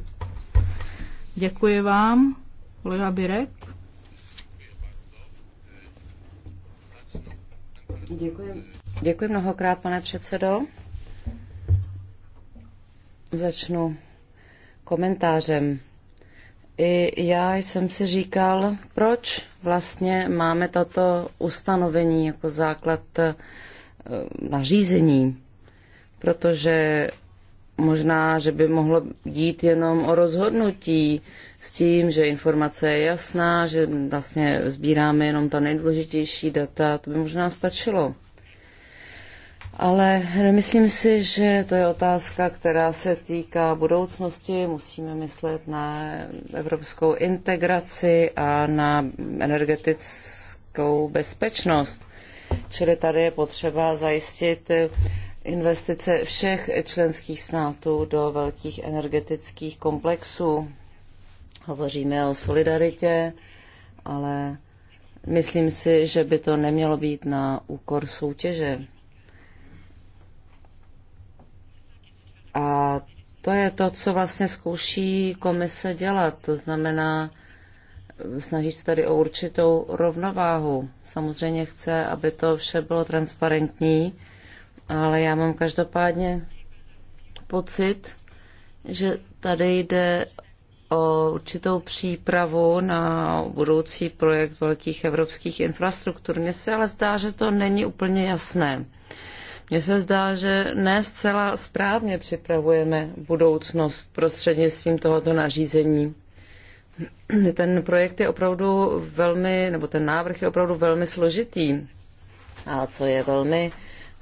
Děkuji vám, kolega Birek. Děkuji. Děkuji mnohokrát, pane předsedo. Začnu komentářem. I já jsem si říkal, proč vlastně máme tato ustanovení jako základ eh, nařízení, protože možná, že by mohlo dít jenom o rozhodnutí, s tím, že informace je jasná, že vlastně sbíráme jenom ta nejdůležitější data, to by možná stačilo. Ale myslím si, že to je otázka, která se týká budoucnosti. Musíme myslet na evropskou integraci a na energetickou bezpečnost. Čili tady je potřeba zajistit investice všech členských států do velkých energetických komplexů. Hovoříme o solidaritě, ale myslím si, že by to nemělo být na úkor soutěže. A to je to, co vlastně zkouší komise dělat. To znamená, snaží se tady o určitou rovnováhu. Samozřejmě chce, aby to vše bylo transparentní, ale já mám každopádně pocit, že tady jde o určitou přípravu na budoucí projekt velkých evropských infrastruktur. Mně se ale zdá, že to není úplně jasné. Mně se zdá, že ne zcela správně připravujeme budoucnost prostřednictvím tohoto nařízení. Ten projekt je opravdu velmi, nebo ten návrh je opravdu velmi složitý. A co je velmi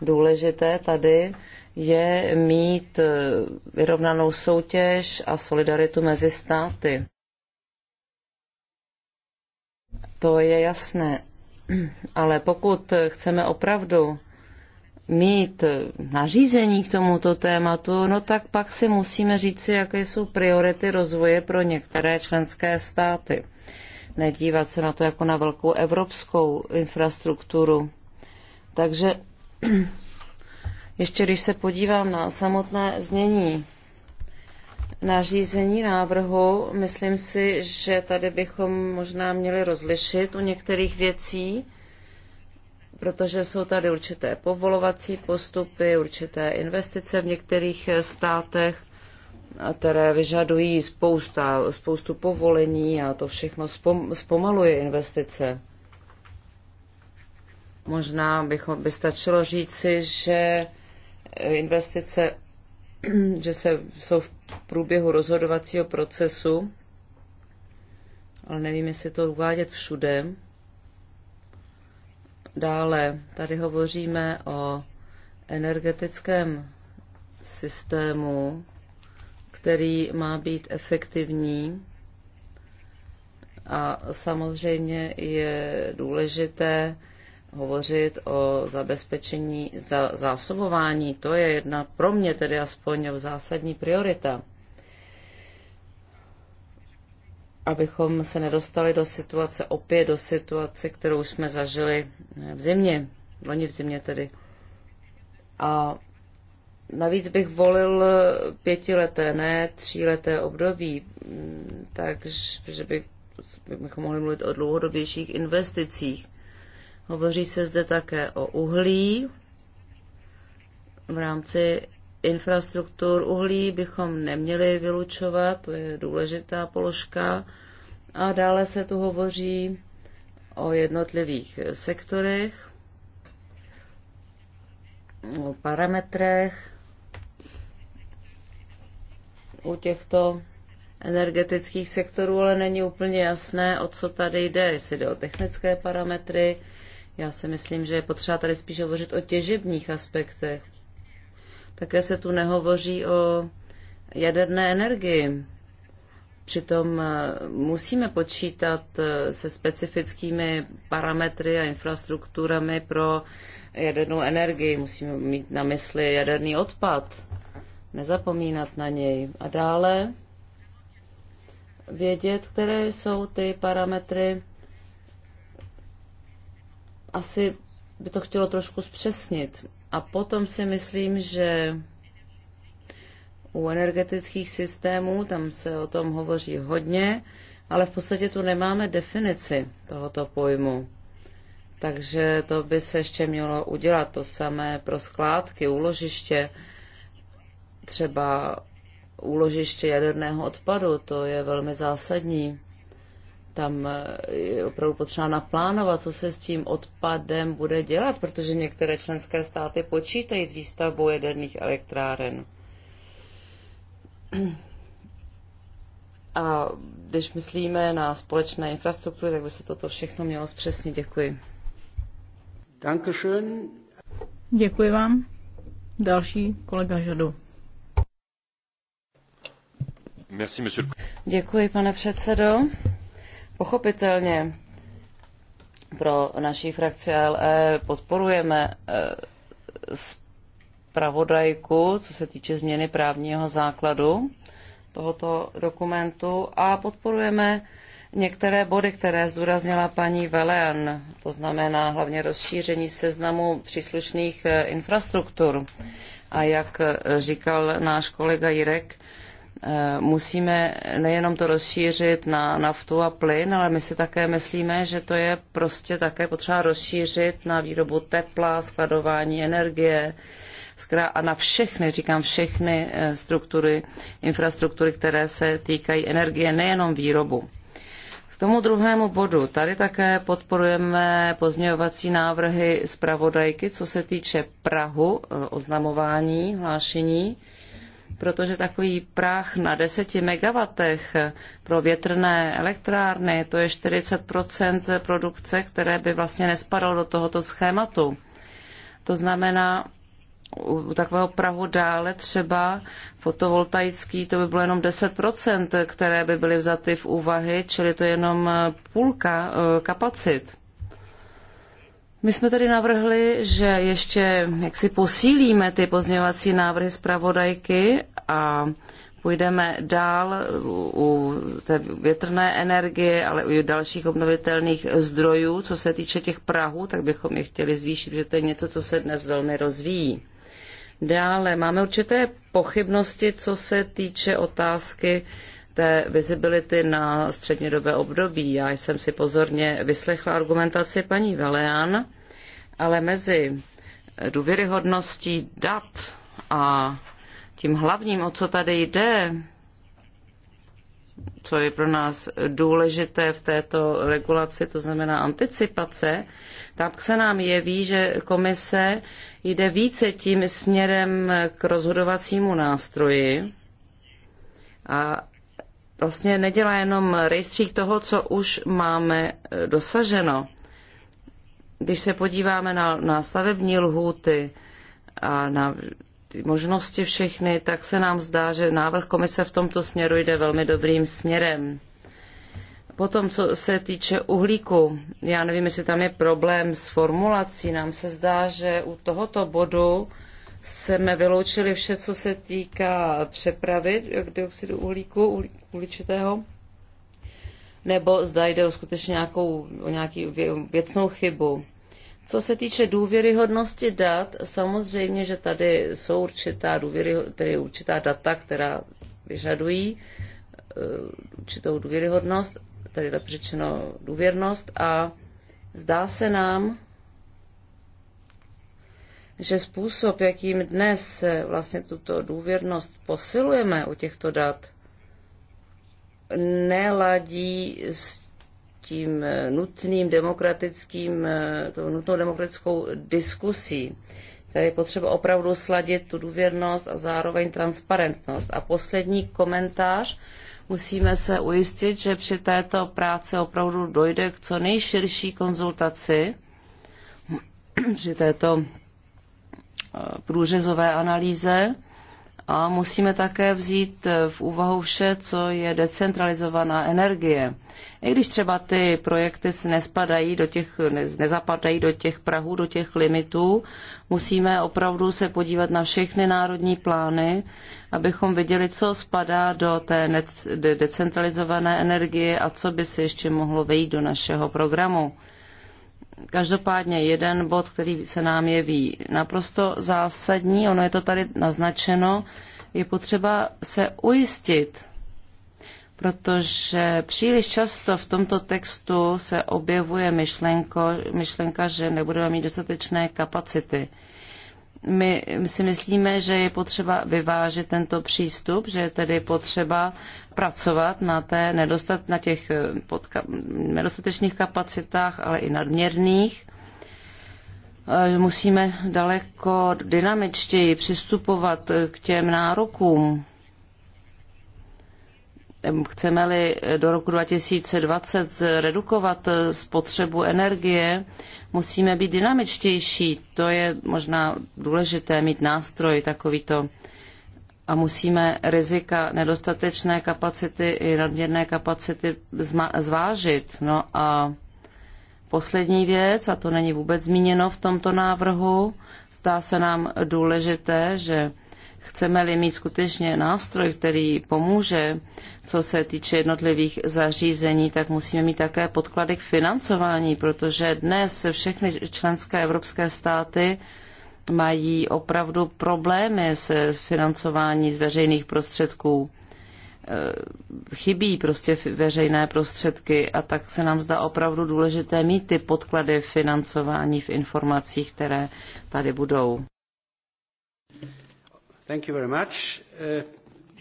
důležité tady, je mít eh, vyrovnanou soutěž a solidaritu mezi státy. To je jasné. Ale pokud chceme opravdu mít eh, nařízení k tomuto tématu, no tak pak si musíme říci, jaké jsou priority rozvoje pro některé členské státy. Nedívat se na to jako na velkou evropskou infrastrukturu. Takže Ještě když se podívám na samotné znění nařízení návrhu, myslím si, že tady bychom možná měli rozlišit u některých věcí, protože jsou tady určité povolovací postupy, určité investice v některých státech, které vyžadují spousta, spoustu povolení a to všechno spom, zpomaluje investice. Možná bychom, by stačilo říci, že investice, že se, jsou v průběhu rozhodovacího procesu, ale nevím, jestli to uvádět všude. Dále tady hovoříme o energetickém systému, který má být efektivní a samozřejmě je důležité hovořit o zabezpečení za zásobování. To je jedna pro mě tedy aspoň zásadní priorita. Abychom se nedostali do situace, opět do situace, kterou jsme zažili v zimě, loni v zimě tedy. A navíc bych volil pětileté, ne tříleté období, takže bych, bychom mohli mluvit o dlouhodobějších investicích Hovoří se zde také o uhlí. V rámci infrastruktur uhlí bychom neměli vylučovat, to je důležitá položka. A dále se tu hovoří o jednotlivých sektorech, o parametrech u těchto energetických sektorů, ale není úplně jasné, o co tady jde, jestli jde o technické parametry, já si myslím, že je potřeba tady spíš hovořit o těžebních aspektech. Také se tu nehovoří o jaderné energii. Přitom eh, musíme počítat eh, se specifickými parametry a infrastrukturami pro jadernou energii. Musíme mít na mysli jaderný odpad, nezapomínat na něj. A dále vědět, které jsou ty parametry, asi by to chtělo trošku zpřesnit. A potom si myslím, že u energetických systémů, tam se o tom hovoří hodně, ale v podstatě tu nemáme definici tohoto pojmu. Takže to by se ještě mělo udělat. To samé pro skládky, úložiště, třeba úložiště jaderného odpadu, to je velmi zásadní. Tam eh, je opravdu potřeba naplánovat, co se s tím odpadem bude dělat, protože některé členské státy počítají s výstavbou jaderných elektráren. A když myslíme na společné infrastruktury, tak by se toto všechno mělo zpřesnit. Děkuji. Dankeschön. Děkuji vám. Další kolega Žadu. Děkuji, pane předsedo. Pochopitelně pro naší frakci ALE podporujeme e, zpravodajku, co se týče změny právního základu tohoto dokumentu a podporujeme některé body, které zdůraznila paní Velen, to znamená hlavně rozšíření seznamu příslušných e, infrastruktur. A jak e, říkal náš kolega Jirek, Eh, musíme nejenom to rozšířit na naftu a plyn, ale my si také myslíme, že to je prostě také potřeba rozšířit na výrobu tepla, skladování energie a na všechny, říkám všechny eh, struktury, infrastruktury, které se týkají energie, nejenom výrobu. K tomu druhému bodu. Tady také podporujeme pozměňovací návrhy zpravodajky, co se týče Prahu, eh, oznamování, hlášení protože takový prach na 10 MW pro větrné elektrárny, to je 40 produkce, které by vlastně nespadalo do tohoto schématu. To znamená, u takového Prahu dále třeba fotovoltaický, to by bylo jenom 10%, které by byly vzaty v úvahy, čili to je jenom půlka eh, kapacit. My jsme tedy navrhli, že ještě jak si posílíme ty pozměňovací návrhy zpravodajky a půjdeme dál u té větrné energie, ale i u dalších obnovitelných zdrojů. Co se týče těch Prahů, tak bychom je chtěli zvýšit, protože to je něco, co se dnes velmi rozvíjí. Dále máme určité pochybnosti, co se týče otázky té visibility na střednědobé období. Já jsem si pozorně vyslechla argumentaci paní Valean ale mezi eh, důvěryhodností dat a tím hlavním, o co tady jde, co je pro nás důležité v této regulaci, to znamená anticipace, tak se nám jeví, že komise jde více tím směrem k rozhodovacímu nástroji a vlastně nedělá jenom rejstřík toho, co už máme eh, dosaženo. Když se podíváme na, na stavební lhůty a na ty možnosti všechny, tak se nám zdá, že návrh komise v tomto směru jde velmi dobrým směrem. Potom, co se týče uhlíku, já nevím, jestli tam je problém s formulací. Nám se zdá, že u tohoto bodu jsme vyloučili vše, co se týká přepravy dioxidu uhlíku, uhličitého, nebo zda jde o skutečně nějakou, o nějaký věcnou chybu. Co se týče důvěryhodnosti dat, samozřejmě, že tady jsou určitá, důvěry, tedy určitá data, která vyžadují e, určitou důvěryhodnost, tedy lepší řečeno důvěrnost a zdá se nám, že způsob, jakým dnes vlastně tuto důvěrnost posilujeme u těchto dat, neladí s tím nutným demokratickým, eh, tou nutnou demokratickou diskusí. Tady je potřeba opravdu sladit tu důvěrnost a zároveň transparentnost. A poslední komentář. Musíme se ujistit, že při této práci opravdu dojde k co nejširší konzultaci při této eh, průřezové analýze a musíme také vzít eh, v úvahu vše, co je decentralizovaná energie. I když třeba ty projekty nespadají do těch, nezapadají do těch prahů, do těch limitů, musíme opravdu se podívat na všechny národní plány, abychom viděli, co spadá do té decentralizované energie a co by se ještě mohlo vejít do našeho programu. Každopádně jeden bod, který se nám jeví naprosto zásadní, ono je to tady naznačeno, je potřeba se ujistit, protože příliš často v tomto textu se objevuje myšlenko, myšlenka, že nebudeme mít dostatečné kapacity. My, my si myslíme, že je potřeba vyvážit tento přístup, že je tedy potřeba pracovat na, té nedostat, na těch eh, podka, nedostatečných kapacitách, ale i nadměrných. Eh, musíme daleko dynamičtěji přistupovat eh, k těm nárokům. Chceme-li do roku 2020 zredukovat spotřebu energie, musíme být dynamičtější. To je možná důležité mít nástroj takovýto to a musíme rizika nedostatečné kapacity i nadměrné kapacity zvážit. No a poslední věc, a to není vůbec zmíněno v tomto návrhu, zdá se nám důležité, že chceme-li mít skutečně nástroj, který pomůže, co se týče jednotlivých zařízení, tak musíme mít také podklady k financování, protože dnes všechny členské evropské státy mají opravdu problémy se financování z veřejných prostředků. E, chybí prostě veřejné prostředky a tak se nám zdá opravdu důležité mít ty podklady financování v informacích, které tady budou. Thank you very much.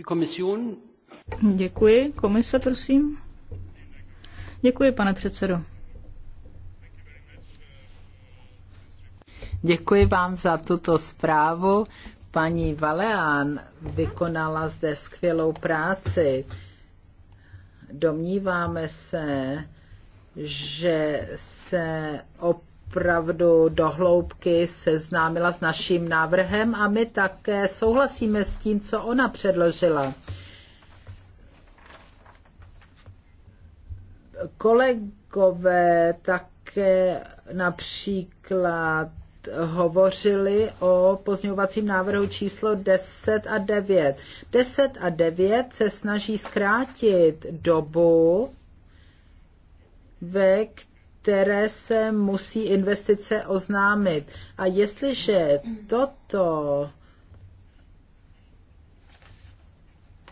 Uh, Děkuji. Komise, prosím. Děkuji, pane předsedo. Děkuji vám za tuto zprávu. Paní Valeán vykonala zde skvělou práci. Domníváme se, že se opravdu dohloubky seznámila s naším návrhem a my také souhlasíme s tím, co ona předložila. Kolegové také například hovořili o pozměňovacím návrhu číslo 10 a 9. 10 a 9 se snaží zkrátit dobu, ve které se musí investice oznámit. A jestliže toto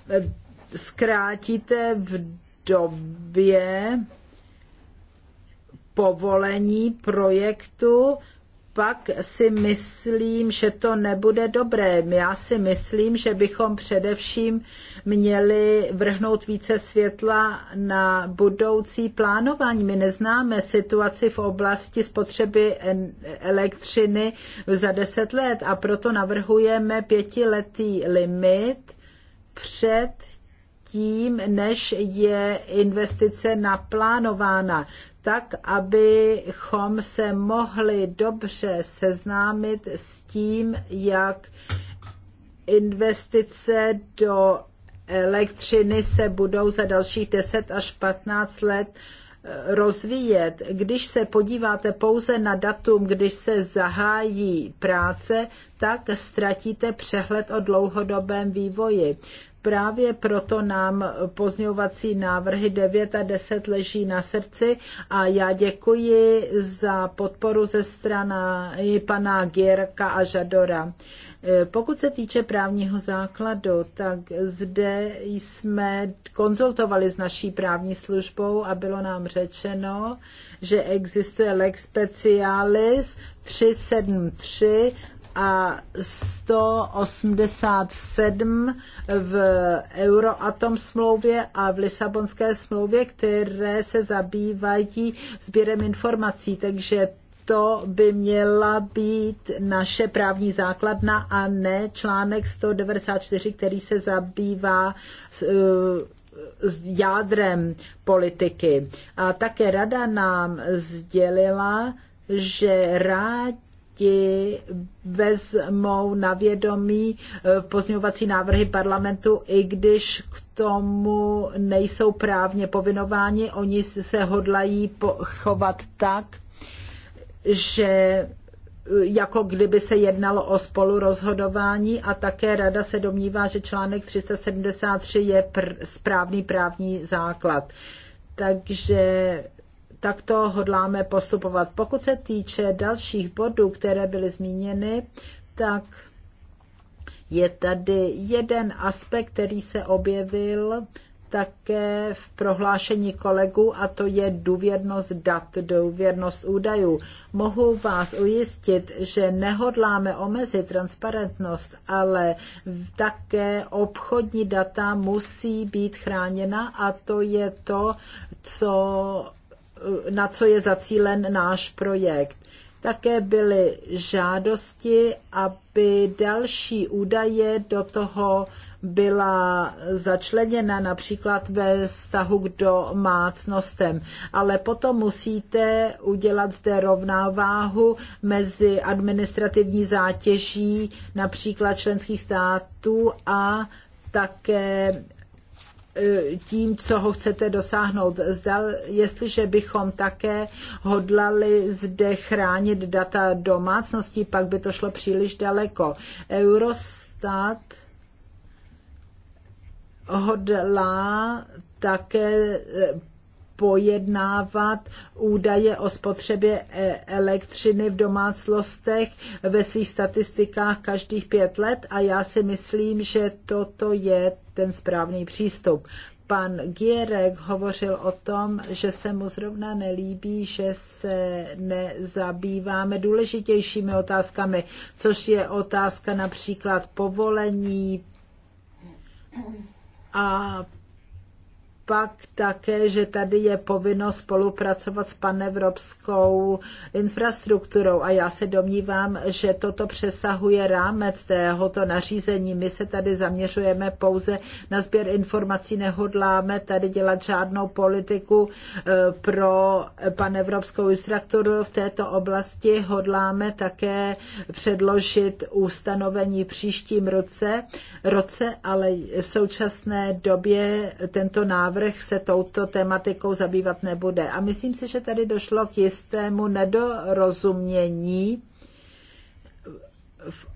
eh, zkrátíte v době povolení projektu, pak si myslím, že to nebude dobré. Já si myslím, že bychom především měli vrhnout více světla na budoucí plánování. My neznáme situaci v oblasti spotřeby elektřiny za deset let a proto navrhujeme pětiletý limit před tím, než je investice naplánována tak abychom se mohli dobře seznámit s tím, jak investice do elektřiny se budou za dalších 10 až 15 let eh, rozvíjet. Když se podíváte pouze na datum, když se zahájí práce, tak ztratíte přehled o dlouhodobém vývoji. Právě proto nám pozňovací návrhy 9 a 10 leží na srdci a já děkuji za podporu ze strany pana Gierka a Žadora. E, pokud se týče právního základu, tak zde jsme konzultovali s naší právní službou a bylo nám řečeno, že existuje lex specialis 373 a 187 v Euroatom smlouvě a v Lisabonské smlouvě, které se zabývají sběrem informací. Takže to by měla být naše právní základna a ne článek 194, který se zabývá eh, s jádrem politiky. A také rada nám sdělila, že rádi rádi vezmou na vědomí eh, pozměňovací návrhy parlamentu, i když k tomu nejsou právně povinováni. Oni se hodlají chovat tak, že eh, jako kdyby se jednalo o spolurozhodování a také rada se domnívá, že článek 373 je pr- správný právní základ. Takže takto hodláme postupovat. Pokud se týče dalších bodů, které byly zmíněny, tak je tady jeden aspekt, který se objevil také v prohlášení kolegu, a to je důvěrnost dat, důvěrnost údajů. Mohu vás ujistit, že nehodláme omezit transparentnost, ale také obchodní data musí být chráněna a to je to, co na co je zacílen náš projekt. Také byly žádosti, aby další údaje do toho byla začleněna například ve vztahu k domácnostem. Ale potom musíte udělat zde rovnováhu mezi administrativní zátěží například členských států a také E, tím, co ho chcete dosáhnout. Zdal, jestliže bychom také hodlali zde chránit data domácností, pak by to šlo příliš daleko. Eurostat hodlá také pojednávat údaje o spotřebě e, elektřiny v domácnostech ve svých statistikách každých pět let a já si myslím, že toto je ten správný přístup. Pan Gierek hovořil o tom, že se mu zrovna nelíbí, že se nezabýváme důležitějšími otázkami, což je otázka například povolení a pak také, že tady je povinnost spolupracovat s panevropskou infrastrukturou a já se domnívám, že toto přesahuje rámec tohoto nařízení. My se tady zaměřujeme pouze na sběr informací, nehodláme tady dělat žádnou politiku eh, pro panevropskou infrastrukturu. V této oblasti hodláme také předložit ustanovení v příštím roce, roce ale v současné době tento návrh návrh se touto tematikou zabývat nebude. A myslím si, že tady došlo k jistému nedorozumění v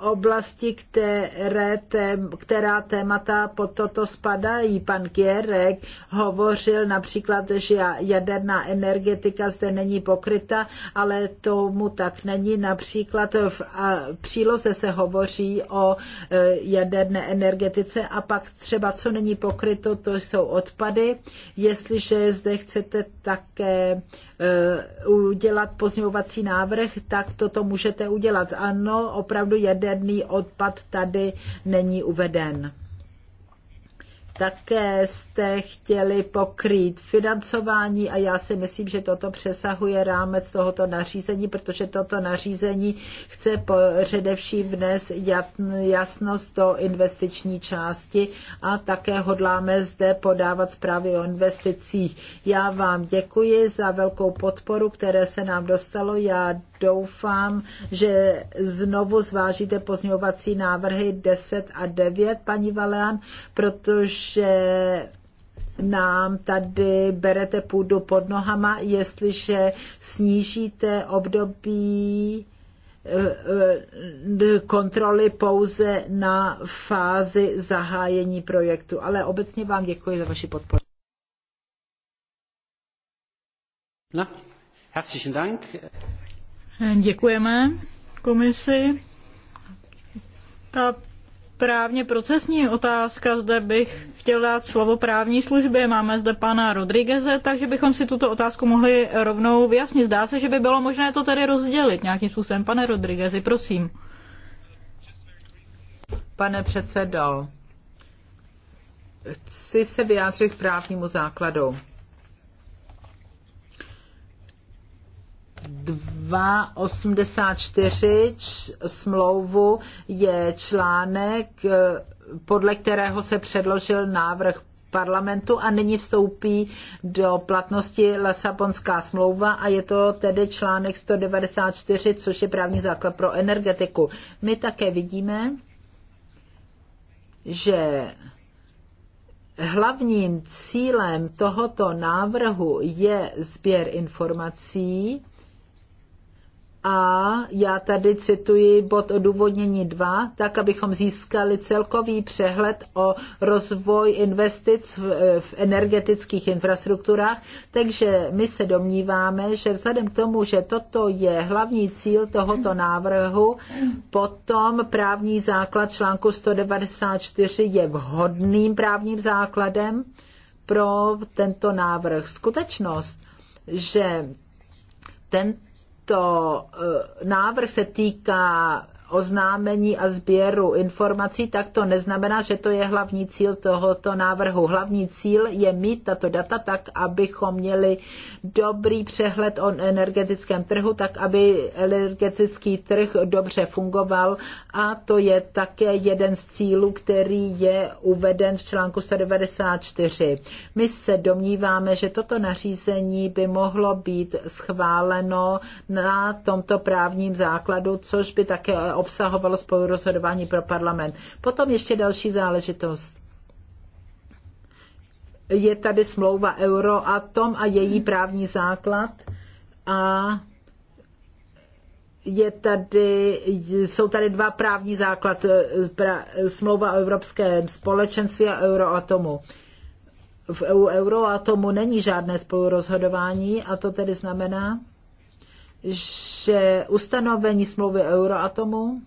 oblasti, které tém, která témata pod toto spadají. Pan Kierek hovořil například, že jaderná energetika zde není pokryta, ale tomu tak není. Například v příloze se hovoří o e, jaderné energetice a pak třeba, co není pokryto, to jsou odpady. Jestliže zde chcete také Eh, udělat pozměňovací návrh, tak toto můžete udělat. Ano, opravdu jaderný odpad tady není uveden. Také jste chtěli pokrýt financování a já si myslím, že toto přesahuje rámec tohoto nařízení, protože toto nařízení chce především dnes jasnost do investiční části a také hodláme zde podávat zprávy o investicích. Já vám děkuji za velkou podporu, které se nám dostalo. Já doufám, že znovu zvážíte pozměňovací návrhy 10 a 9, paní Valean, protože nám tady berete půdu pod nohama, jestliže snížíte období eh, eh, kontroly pouze na fázi zahájení projektu. Ale obecně vám děkuji za vaši podporu. No, herzlichen Dank. Děkujeme komisi. Ta právně procesní otázka, zde bych chtěl dát slovo právní službě. Máme zde pana Rodrigueze, takže bychom si tuto otázku mohli rovnou vyjasnit. Zdá se, že by bylo možné to tedy rozdělit nějakým způsobem. Pane Rodriguezi, prosím. Pane předsedo, chci se vyjádřit k právnímu základu. 284 smlouvu je článek, eh, podle kterého se předložil návrh parlamentu a nyní vstoupí do platnosti Lisabonská smlouva a je to tedy článek 194, což je právní základ pro energetiku. My také vidíme, že hlavním cílem tohoto návrhu je sběr informací a já tady cituji bod odůvodnění 2, tak abychom získali celkový přehled o rozvoj investic v energetických infrastrukturách. Takže my se domníváme, že vzhledem k tomu, že toto je hlavní cíl tohoto návrhu, potom právní základ článku 194 je vhodným právním základem pro tento návrh. Skutečnost, že tento tento eh, návrh se týká oznámení a sběru informací, tak to neznamená, že to je hlavní cíl tohoto návrhu. Hlavní cíl je mít tato data tak, abychom měli dobrý přehled o energetickém trhu, tak aby energetický trh dobře fungoval a to je také jeden z cílů, který je uveden v článku 194. My se domníváme, že toto nařízení by mohlo být schváleno na tomto právním základu, což by také obsahovalo spolurozhodování pro parlament. Potom ještě další záležitost je tady smlouva Euroatom a její právní základ a je tady, jsou tady dva právní základ, eh, pra, smlouva o Evropském společenství a Euroatomu. V EU Euroatomu není žádné spolurozhodování a to tedy znamená, že ustanovení smlouvy Euroatomu,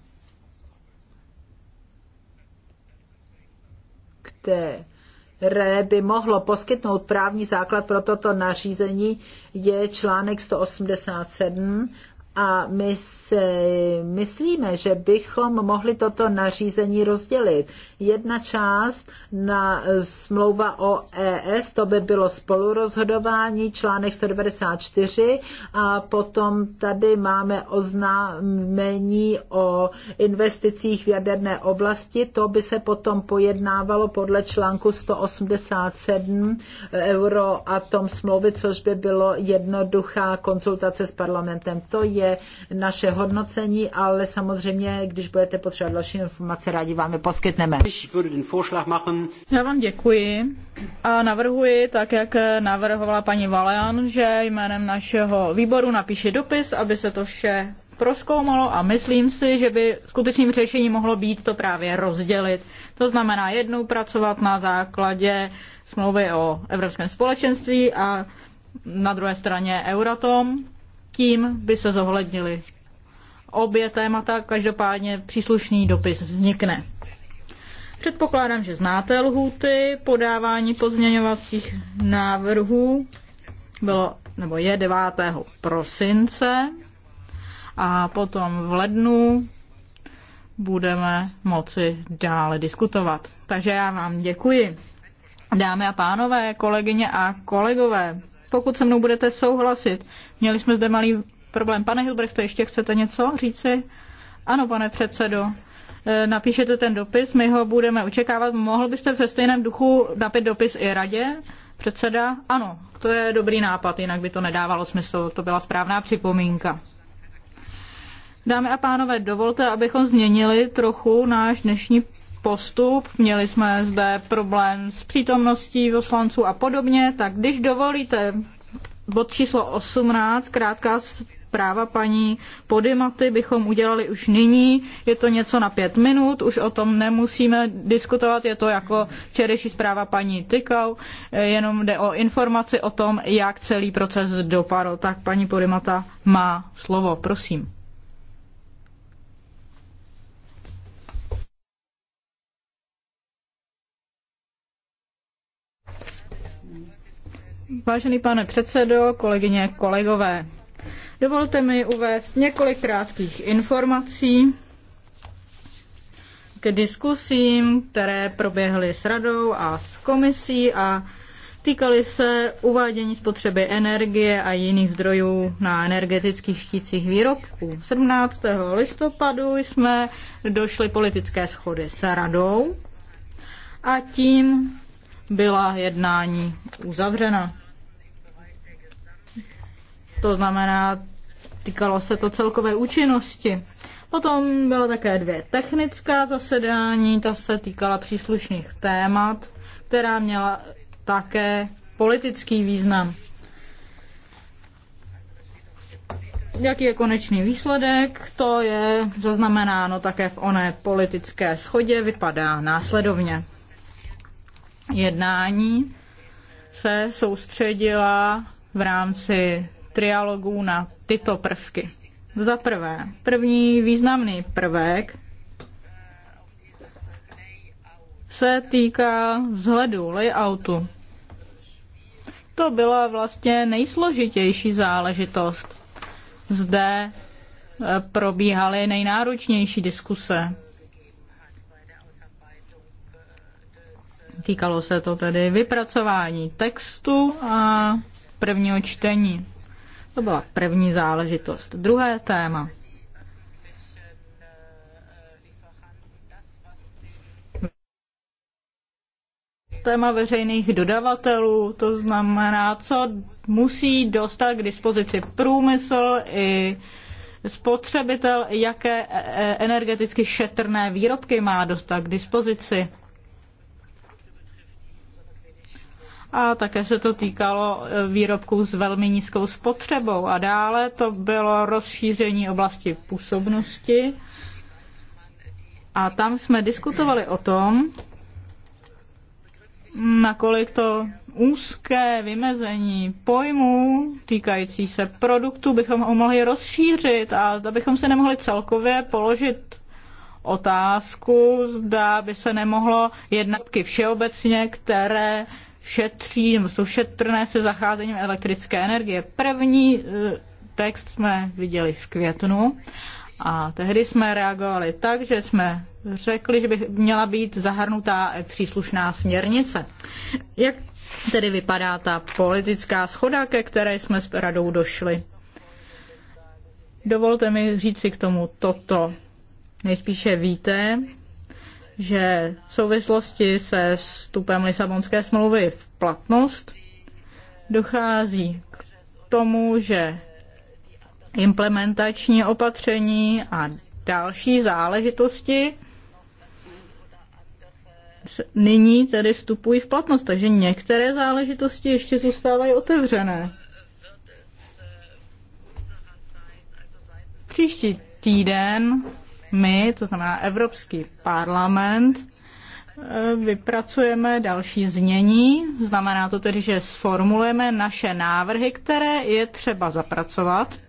které by mohlo poskytnout právní základ pro toto nařízení, je článek 187 a my si myslíme, že bychom mohli toto nařízení rozdělit. Jedna část na smlouva o ES, to by bylo spolurozhodování, článek 194 a potom tady máme oznámení o investicích v jaderné oblasti, to by se potom pojednávalo podle článku 187 euro a tom smlouvy, což by bylo jednoduchá konzultace s parlamentem. To je je naše hodnocení, ale samozřejmě, když budete potřebovat další informace, rádi vám je poskytneme. Já vám děkuji a navrhuji, tak jak navrhovala paní Valean, že jménem našeho výboru napíše dopis, aby se to vše proskoumalo a myslím si, že by skutečným řešením mohlo být to právě rozdělit. To znamená jednou pracovat na základě smlouvy o Evropském společenství a na druhé straně Euratom tím by se zohlednili obě témata, každopádně příslušný dopis vznikne. Předpokládám, že znáte lhuty podávání pozměňovacích návrhů. Bylo, nebo je 9. prosince a potom v lednu budeme moci dále diskutovat. Takže já vám děkuji. Dámy a pánové, kolegyně a kolegové, pokud se mnou budete souhlasit. Měli jsme zde malý problém. Pane Hilbrechte, ještě chcete něco říci? Ano, pane předsedo. E, napíšete ten dopis, my ho budeme očekávat. Mohl byste ve stejném duchu napít dopis i radě? Předseda? Ano, to je dobrý nápad, jinak by to nedávalo smysl. To byla správná připomínka. Dámy a pánové, dovolte, abychom změnili trochu náš dnešní postup, měli jsme zde problém s přítomností poslanců a podobně, tak když dovolíte bod číslo 18, krátká zpráva paní Podimaty bychom udělali už nyní. Je to něco na pět minut, už o tom nemusíme diskutovat, je to jako včerejší zpráva paní Tykau, jenom jde o informaci o tom, jak celý proces dopadl. Tak paní Podimata má slovo, prosím. Vážený pane předsedo, kolegyně, kolegové, dovolte mi uvést několik krátkých informací k diskusím, které proběhly s radou a s komisí a týkaly se uvádění spotřeby energie a jiných zdrojů na energetických štících výrobků. 17. listopadu jsme došli politické schody s radou a tím byla jednání uzavřena. To znamená, týkalo se to celkové účinnosti. Potom bylo také dvě technická zasedání, ta se týkala příslušných témat, která měla také politický význam. Jaký je konečný výsledek, to je zaznamenáno také v oné politické schodě, vypadá následovně. Jednání se soustředila v rámci trialogů na tyto prvky. Za prvé, první významný prvek se týká vzhledu, layoutu. To byla vlastně nejsložitější záležitost. Zde eh, probíhaly nejnáročnější diskuse. Týkalo se to tedy vypracování textu a prvního čtení. To byla první záležitost. Druhé téma. téma veřejných dodavatelů, to znamená, co musí dostat k dispozici průmysl i spotřebitel, jaké e- e- energeticky šetrné výrobky má dostat k dispozici. a také se to týkalo e, výrobků s velmi nízkou spotřebou. A dále to bylo rozšíření oblasti působnosti. A tam jsme diskutovali o tom, nakolik to úzké vymezení pojmů týkající se produktu bychom ho mohli rozšířit a abychom se nemohli celkově položit otázku, zda by se nemohlo jednatky všeobecně, které šetří, nebo jsou šetrné se zacházením elektrické energie. První e, text jsme viděli v květnu a tehdy jsme reagovali tak, že jsme řekli, že by měla být zahrnutá příslušná směrnice. Jak tedy vypadá ta politická schoda, ke které jsme s radou došli? Dovolte mi říci k tomu toto. Nejspíše víte, že v souvislosti se vstupem Lisabonské smlouvy v platnost dochází k tomu, že implementační opatření a další záležitosti nyní tedy vstupují v platnost, takže některé záležitosti ještě zůstávají otevřené. Příští týden my, to znamená Evropský parlament, eh, vypracujeme další znění. Znamená to tedy, že sformulujeme naše návrhy, které je třeba zapracovat,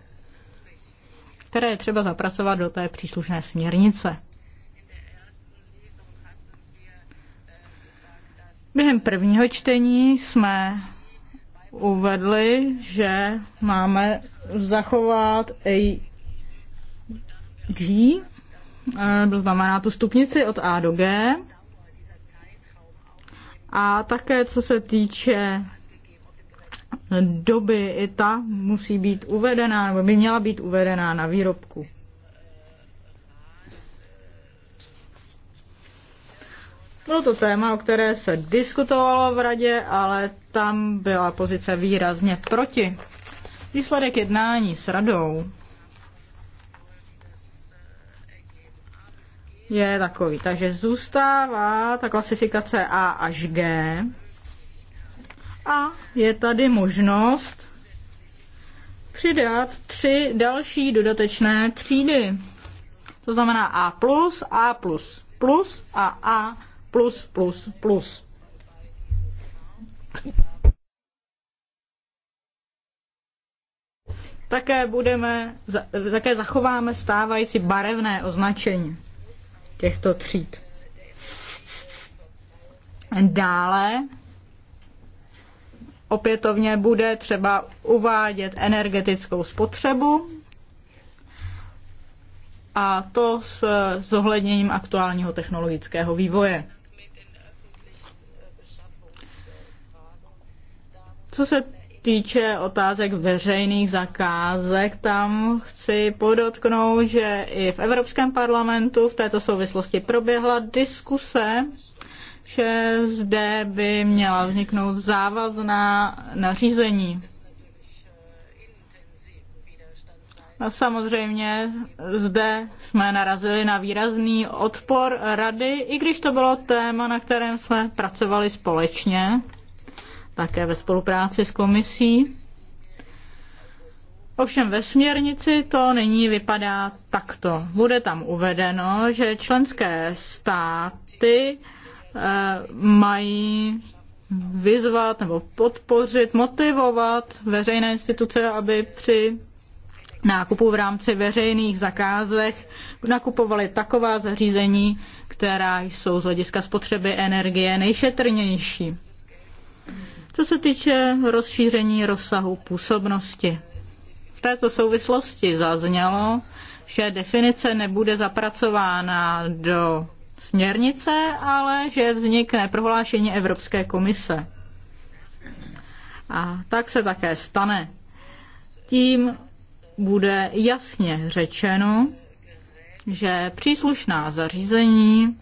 které je třeba zapracovat do té příslušné směrnice. Během prvního čtení jsme uvedli, že máme zachovat AG, to eh, znamená tu stupnici od A do G. A také co se týče doby, i ta musí být uvedená, nebo by měla být uvedená na výrobku. Bylo to téma, o které se diskutovalo v radě, ale tam byla pozice výrazně proti. Výsledek jednání s radou je takový. Takže zůstává ta klasifikace A až G. A je tady možnost přidat tři další dodatečné třídy. To znamená A+, plus, A++, plus, plus a A++++. Plus, plus, plus. Také budeme, také zachováme stávající barevné označení těchto tříd. Dále opětovně bude třeba uvádět energetickou spotřebu a to s zohledněním aktuálního technologického vývoje. Co se týče otázek veřejných zakázek, tam chci podotknout, že i v Evropském parlamentu v této souvislosti proběhla diskuse, že zde by měla vzniknout závazná nařízení. A samozřejmě zde jsme narazili na výrazný odpor rady, i když to bylo téma, na kterém jsme pracovali společně také ve spolupráci s komisí. Ovšem ve směrnici to nyní vypadá takto. Bude tam uvedeno, že členské státy eh, mají vyzvat nebo podpořit, motivovat veřejné instituce, aby při nákupu v rámci veřejných zakázek nakupovali taková zařízení, která jsou z hlediska spotřeby energie nejšetrnější. Co se týče rozšíření rozsahu působnosti, v této souvislosti zaznělo, že definice nebude zapracována do směrnice, ale že vznikne prohlášení Evropské komise. A tak se také stane. Tím bude jasně řečeno, že příslušná zařízení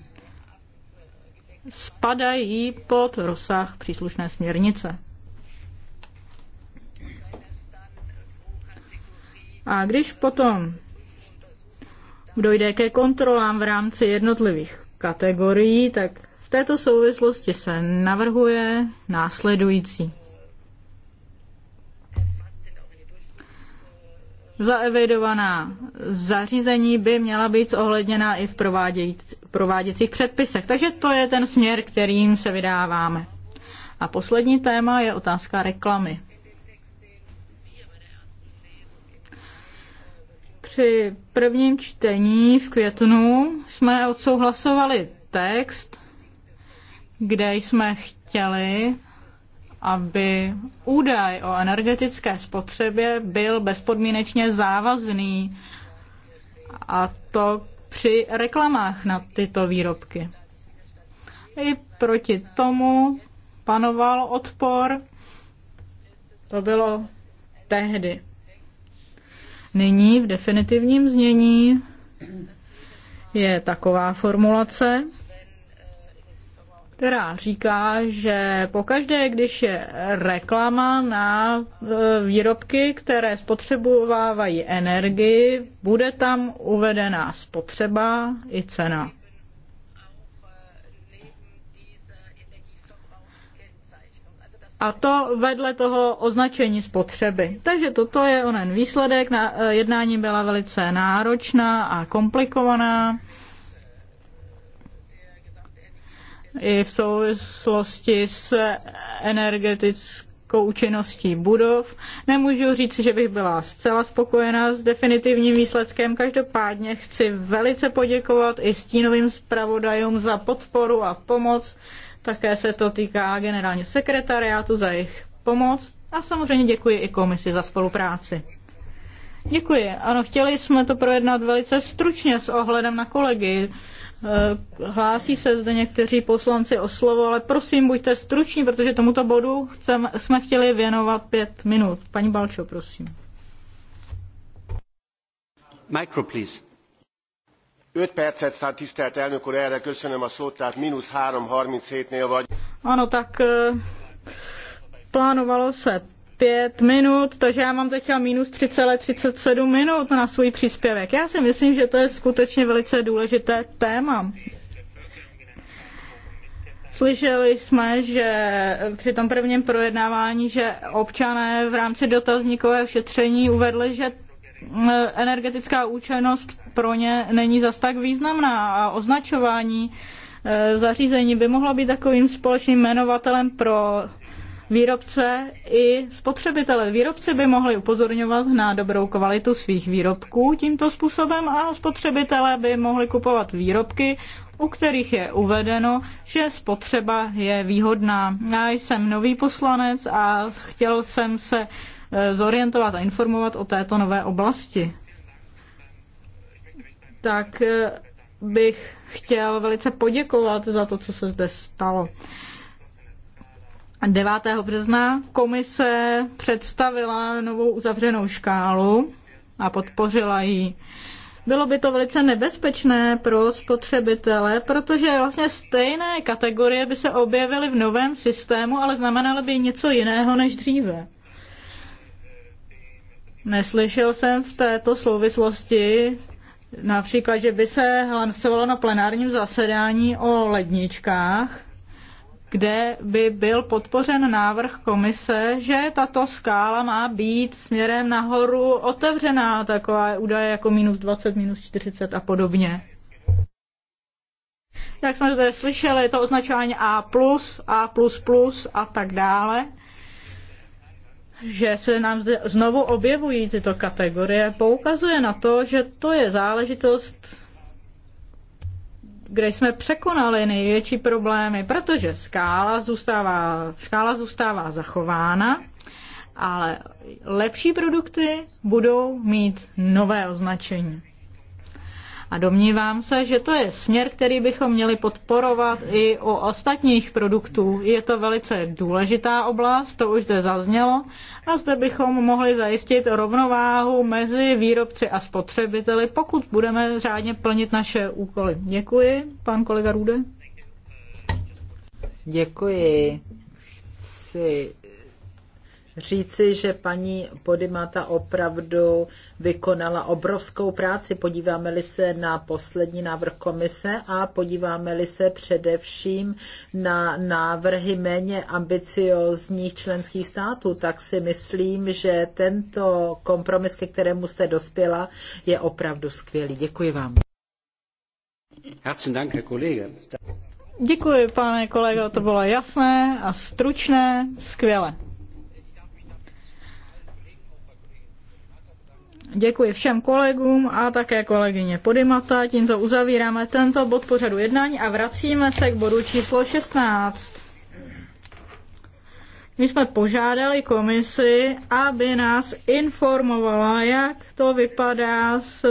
spadají pod rozsah příslušné směrnice. A když potom dojde ke kontrolám v rámci jednotlivých kategorií, tak v této souvislosti se navrhuje následující. zaevidovaná zařízení by měla být zohledněná i v prováděcích předpisech. Takže to je ten směr, kterým se vydáváme. A poslední téma je otázka reklamy. Při prvním čtení v květnu jsme odsouhlasovali text, kde jsme chtěli aby údaj o energetické spotřebě byl bezpodmínečně závazný a to při reklamách na tyto výrobky. I proti tomu panoval odpor. To bylo tehdy. Nyní v definitivním znění je taková formulace, která říká, že pokaždé, když je reklama na e, výrobky, které spotřebovávají energii, bude tam uvedená spotřeba i cena. a to vedle toho označení spotřeby. Takže toto je onen výsledek. E, jednání byla velice náročná a komplikovaná. i v souvislosti s energetickou účinností budov. Nemůžu říct, že bych byla zcela spokojená s definitivním výsledkem. Každopádně chci velice poděkovat i stínovým zpravodajům za podporu a pomoc. Také se to týká generálního sekretariátu za jejich pomoc a samozřejmě děkuji i komisi za spolupráci. Děkuji. Ano, chtěli jsme to projednat velice stručně s ohledem na kolegy. Eh, hlásí se zde někteří poslanci o slovo, ale prosím, buďte struční, protože tomuto bodu chcem, jsme chtěli věnovat pět minut. Paní Balčo, prosím. Micro, please. 5 percet szállt, tisztelt elnök úr, erre köszönöm a szót, tehát mínusz 3.37-nél vagy. Ano, tak eh, plánovalo se pět minut, takže já mám teďka minus 3,37 minut na svůj příspěvek. Já si myslím, že to je skutečně velice důležité téma. Slyšeli jsme, že při tom prvním projednávání, že občané v rámci dotazníkového šetření uvedli, že eh, energetická účinnost pro ně není zas tak významná a označování eh, zařízení by mohlo být takovým společným jmenovatelem pro výrobce i spotřebitele. Výrobci by mohli upozorňovat na dobrou kvalitu svých výrobků tímto způsobem a spotřebitelé by mohli kupovat výrobky, u kterých je uvedeno, že spotřeba je výhodná. Já jsem nový poslanec a chtěl jsem se eh, zorientovat a informovat o této nové oblasti. Tak eh, bych chtěl velice poděkovat za to, co se zde stalo. 9. března komise představila novou uzavřenou škálu a podpořila ji. Bylo by to velice nebezpečné pro spotřebitele, protože vlastně stejné kategorie by se objevily v novém systému, ale znamenalo by něco jiného než dříve. Neslyšel jsem v této souvislosti například, že by se hlasovalo na plenárním zasedání o ledničkách, kde by byl podpořen návrh komise, že tato skála má být směrem nahoru otevřená, taková údaje jako minus 20, minus 40 a podobně. Jak jsme zde slyšeli, je to označování A+, A++ a tak dále že se nám zde znovu objevují tyto kategorie, poukazuje na to, že to je záležitost kde jsme překonali největší problémy, protože skála zůstává, škála zůstává zachována, ale lepší produkty budou mít nové označení. A domnívám se, že to je směr, který bychom měli podporovat i u ostatních produktů. Je to velice důležitá oblast, to už zde zaznělo, a zde bychom mohli zajistit rovnováhu mezi výrobci a spotřebiteli, pokud budeme řádně plnit naše úkoly. Děkuji, pan kolega Rude. Děkuji. Chci říci, že paní Podimata opravdu vykonala obrovskou práci. Podíváme-li se na poslední návrh komise a podíváme-li se především na návrhy méně ambiciozních členských států, tak si myslím, že tento kompromis, ke kterému jste dospěla, je opravdu skvělý. Děkuji vám. Herzlichen Dank, Děkuji, pane kolego, to bylo jasné a stručné, skvěle. Děkuji všem kolegům a také kolegyně Podimata. Tímto uzavíráme tento bod pořadu jednání a vracíme se k bodu číslo 16. My jsme požádali komisi, aby nás informovala, jak to vypadá s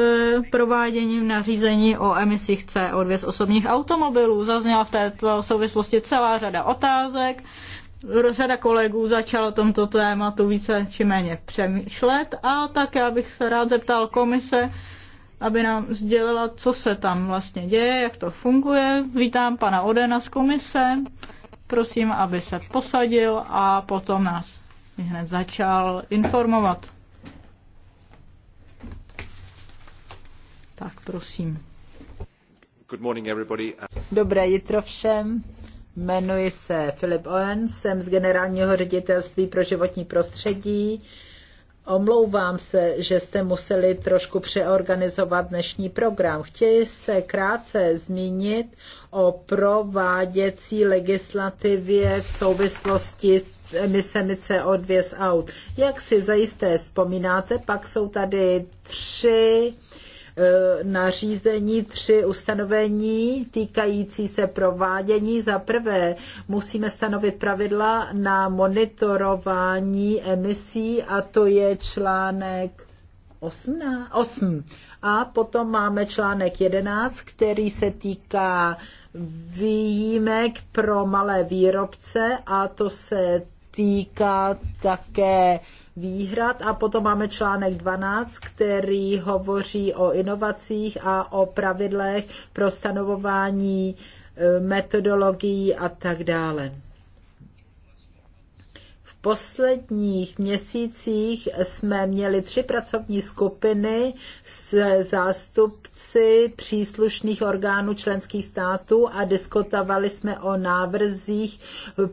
prováděním nařízení o emisích CO2 z osobních automobilů. Zazněla v této souvislosti celá řada otázek. Řada kolegů začala o tomto tématu více či méně přemýšlet a tak já bych se rád zeptal komise, aby nám sdělila, co se tam vlastně děje, jak to funguje. Vítám pana Odena z komise, prosím, aby se posadil a potom nás hned začal informovat. Tak prosím. Dobré jitro všem. Jmenuji se Filip Owen, jsem z generálního ředitelství pro životní prostředí. Omlouvám se, že jste museli trošku přeorganizovat dnešní program. Chtěji se krátce zmínit o prováděcí legislativě v souvislosti s emisemi CO2 z aut. Jak si zajisté vzpomínáte, pak jsou tady tři uh, E, nařízení tři ustanovení týkající se provádění. Za prvé musíme stanovit pravidla na monitorování emisí a to je článek 8. A potom máme článek 11, který se týká výjimek pro malé výrobce a to se týká také výhrad a potom máme článek 12, který hovoří o inovacích a o pravidlech pro stanovování eh, metodologií a tak dále posledních měsících jsme měli tři pracovní skupiny s zástupci příslušných orgánů členských států a diskutovali jsme o návrzích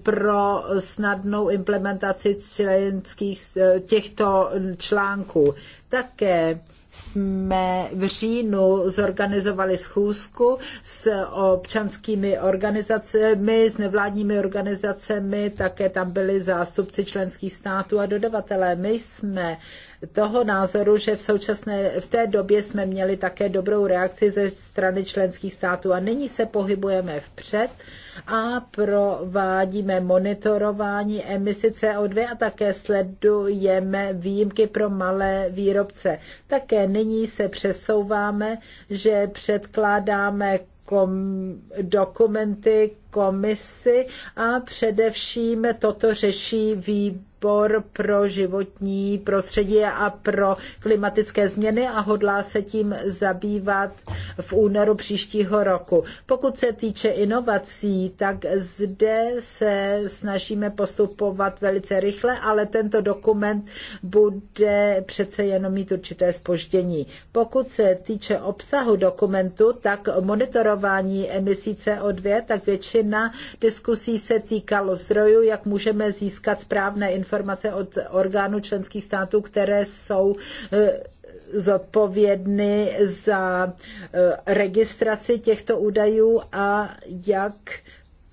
pro snadnou implementaci členských těchto článků. Také jsme v říjnu zorganizovali schůzku s občanskými organizacemi, s nevládními organizacemi, také tam byli zástupci členských států a dodavatelé. My jsme toho názoru, že v, současné, v té době jsme měli také dobrou reakci ze strany členských států a nyní se pohybujeme vpřed a provádíme monitorování emisí CO2 a také sledujeme výjimky pro malé výrobce. Také nyní se přesouváme, že předkládáme kom, dokumenty komisi a především toto řeší výběr výbor pro životní prostředí a pro klimatické změny a hodlá se tím zabývat v únoru příštího roku. Pokud se týče inovací, tak zde se snažíme postupovat velice rychle, ale tento dokument bude přece jenom mít určité spoždění. Pokud se týče obsahu dokumentu, tak monitorování emisí CO2, tak většina diskusí se týkalo zdrojů, jak můžeme získat správné informace informace od orgánů členských států, které jsou eh, zodpovědny za eh, registraci těchto údajů a jak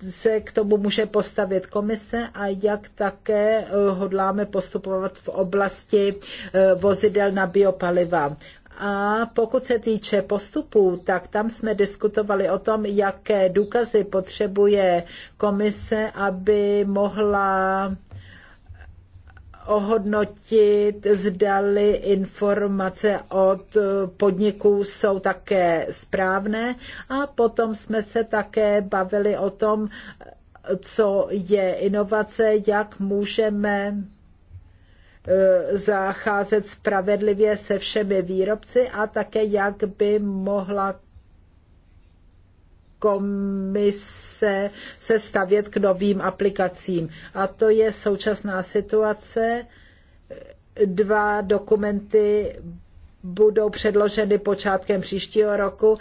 se k tomu může postavit komise a jak také eh, hodláme postupovat v oblasti vozidel na biopaliva. A pokud se týče postupů, tak tam jsme diskutovali o tom, jaké důkazy potřebuje komise, aby mohla ohodnotit, zdali informace od podniků jsou také správné a potom jsme se také bavili o tom, co je inovace, jak můžeme eh, zacházet spravedlivě se všemi výrobci a také jak by mohla komise se stavět k novým aplikacím. A to je současná situace. Dva dokumenty budou předloženy počátkem příštího roku.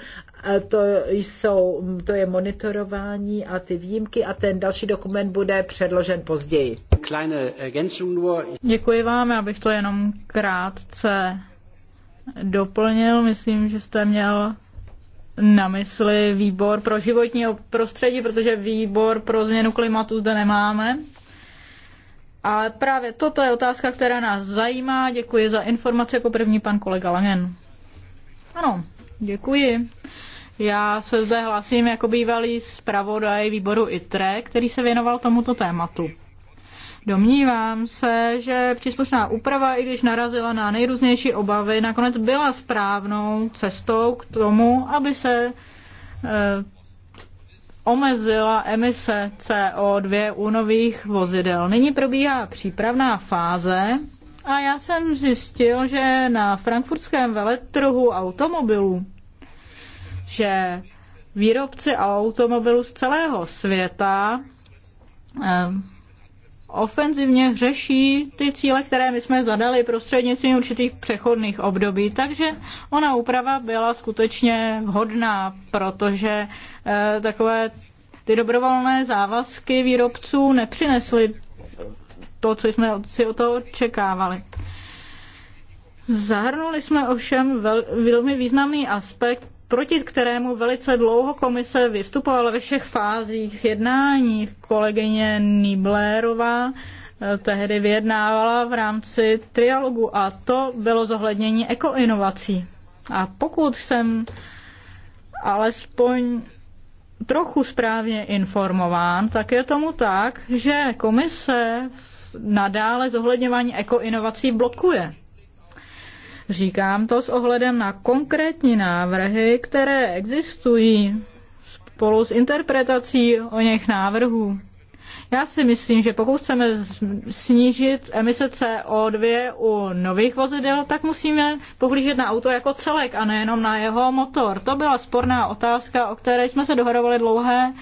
To, jsou, to je monitorování a ty výjimky a ten další dokument bude předložen později. Děkuji vám, já bych to jenom krátce doplnil. Myslím, že jste měl na mysli výbor pro životní prostředí, protože výbor pro změnu klimatu zde nemáme. A právě toto je otázka, která nás zajímá. Děkuji za informace jako první pan kolega Langen. Ano, děkuji. Já se zde hlásím jako bývalý zpravodaj výboru ITRE, který se věnoval tomuto tématu. Domnívám se, že příslušná úprava, i když narazila na nejrůznější obavy, nakonec byla správnou cestou k tomu, aby se eh, omezila emise CO2 u nových vozidel. Nyní probíhá přípravná fáze a já jsem zjistil, že na frankfurtském veletrhu automobilů, že výrobci automobilů z celého světa eh, ofenzivně řeší ty cíle, které my jsme zadali prostřednictvím určitých přechodných období. Takže ona úprava byla skutečně vhodná, protože e, takové ty dobrovolné závazky výrobců nepřinesly to, co jsme si o toho očekávali. Zahrnuli jsme ovšem vel, velmi významný aspekt proti kterému velice dlouho komise vystupovala ve všech fázích jednání. Kolegyně Niblerová eh, tehdy vyjednávala v rámci trialogu a to bylo zohlednění ekoinovací. A pokud jsem alespoň trochu správně informován, tak je tomu tak, že komise nadále zohledňování ekoinovací blokuje. Říkám to s ohledem na konkrétní návrhy, které existují spolu s interpretací o něch návrhů. Já si myslím, že pokud chceme snížit emise CO2 u nových vozidel, tak musíme pohlížet na auto jako celek a nejenom na jeho motor. To byla sporná otázka, o které jsme se dohodovali dlouhé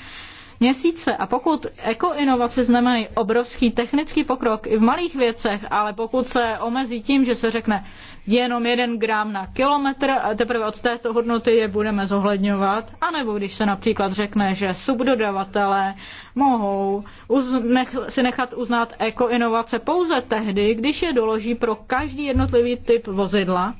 měsíce. A pokud ekoinovace znamenají obrovský technický pokrok i v malých věcech, ale pokud se omezí tím, že se řekne jenom jeden gram na kilometr a teprve od této hodnoty je budeme zohledňovat, anebo když se například řekne, že subdodavatelé mohou nech, si nechat uznat ekoinovace pouze tehdy, když je doloží pro každý jednotlivý typ vozidla,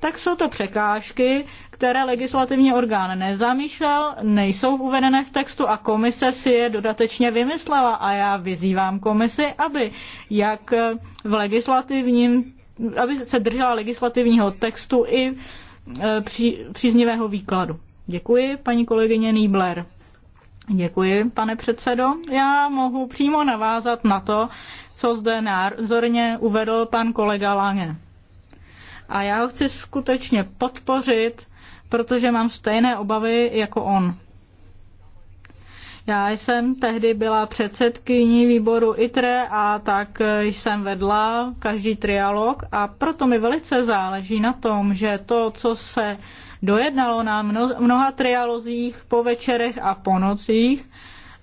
tak jsou to překážky, které legislativní orgán nezamýšlel, nejsou uvedené v textu a komise si je dodatečně vymyslela a já vyzývám komisi, aby jak v legislativním, aby se držela legislativního textu i e, při, příznivého výkladu. Děkuji, paní kolegyně Nýbler. Děkuji, pane předsedo. Já mohu přímo navázat na to, co zde názorně uvedl pan kolega Lange a já ho chci skutečně podpořit, protože mám stejné obavy jako on. Já jsem tehdy byla předsedkyní výboru ITRE a tak jsem vedla každý trialog a proto mi velice záleží na tom, že to, co se dojednalo na mnoha trialozích po večerech a po nocích,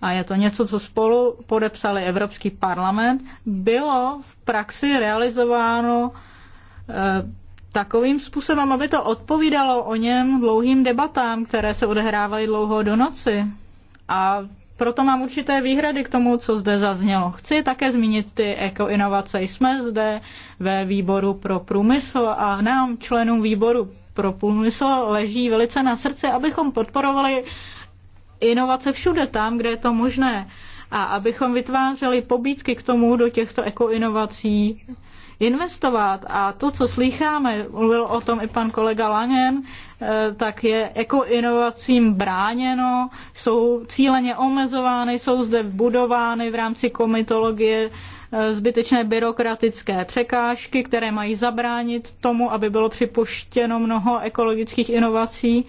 a je to něco, co spolu podepsali Evropský parlament, bylo v praxi realizováno eh, takovým způsobem, aby to odpovídalo o něm dlouhým debatám, které se odehrávají dlouho do noci. A proto mám určité výhrady k tomu, co zde zaznělo. Chci také zmínit ty ekoinovace. Jsme zde ve výboru pro průmysl a nám, členům výboru pro průmysl, leží velice na srdci, abychom podporovali inovace všude tam, kde je to možné a abychom vytvářeli pobídky k tomu do těchto ekoinovací investovat. A to, co slycháme, mluvil o tom i pan kolega Langen, eh, tak je jako inovacím bráněno, jsou cíleně omezovány, jsou zde budovány v rámci komitologie eh, zbytečné byrokratické překážky, které mají zabránit tomu, aby bylo připuštěno mnoho ekologických inovací.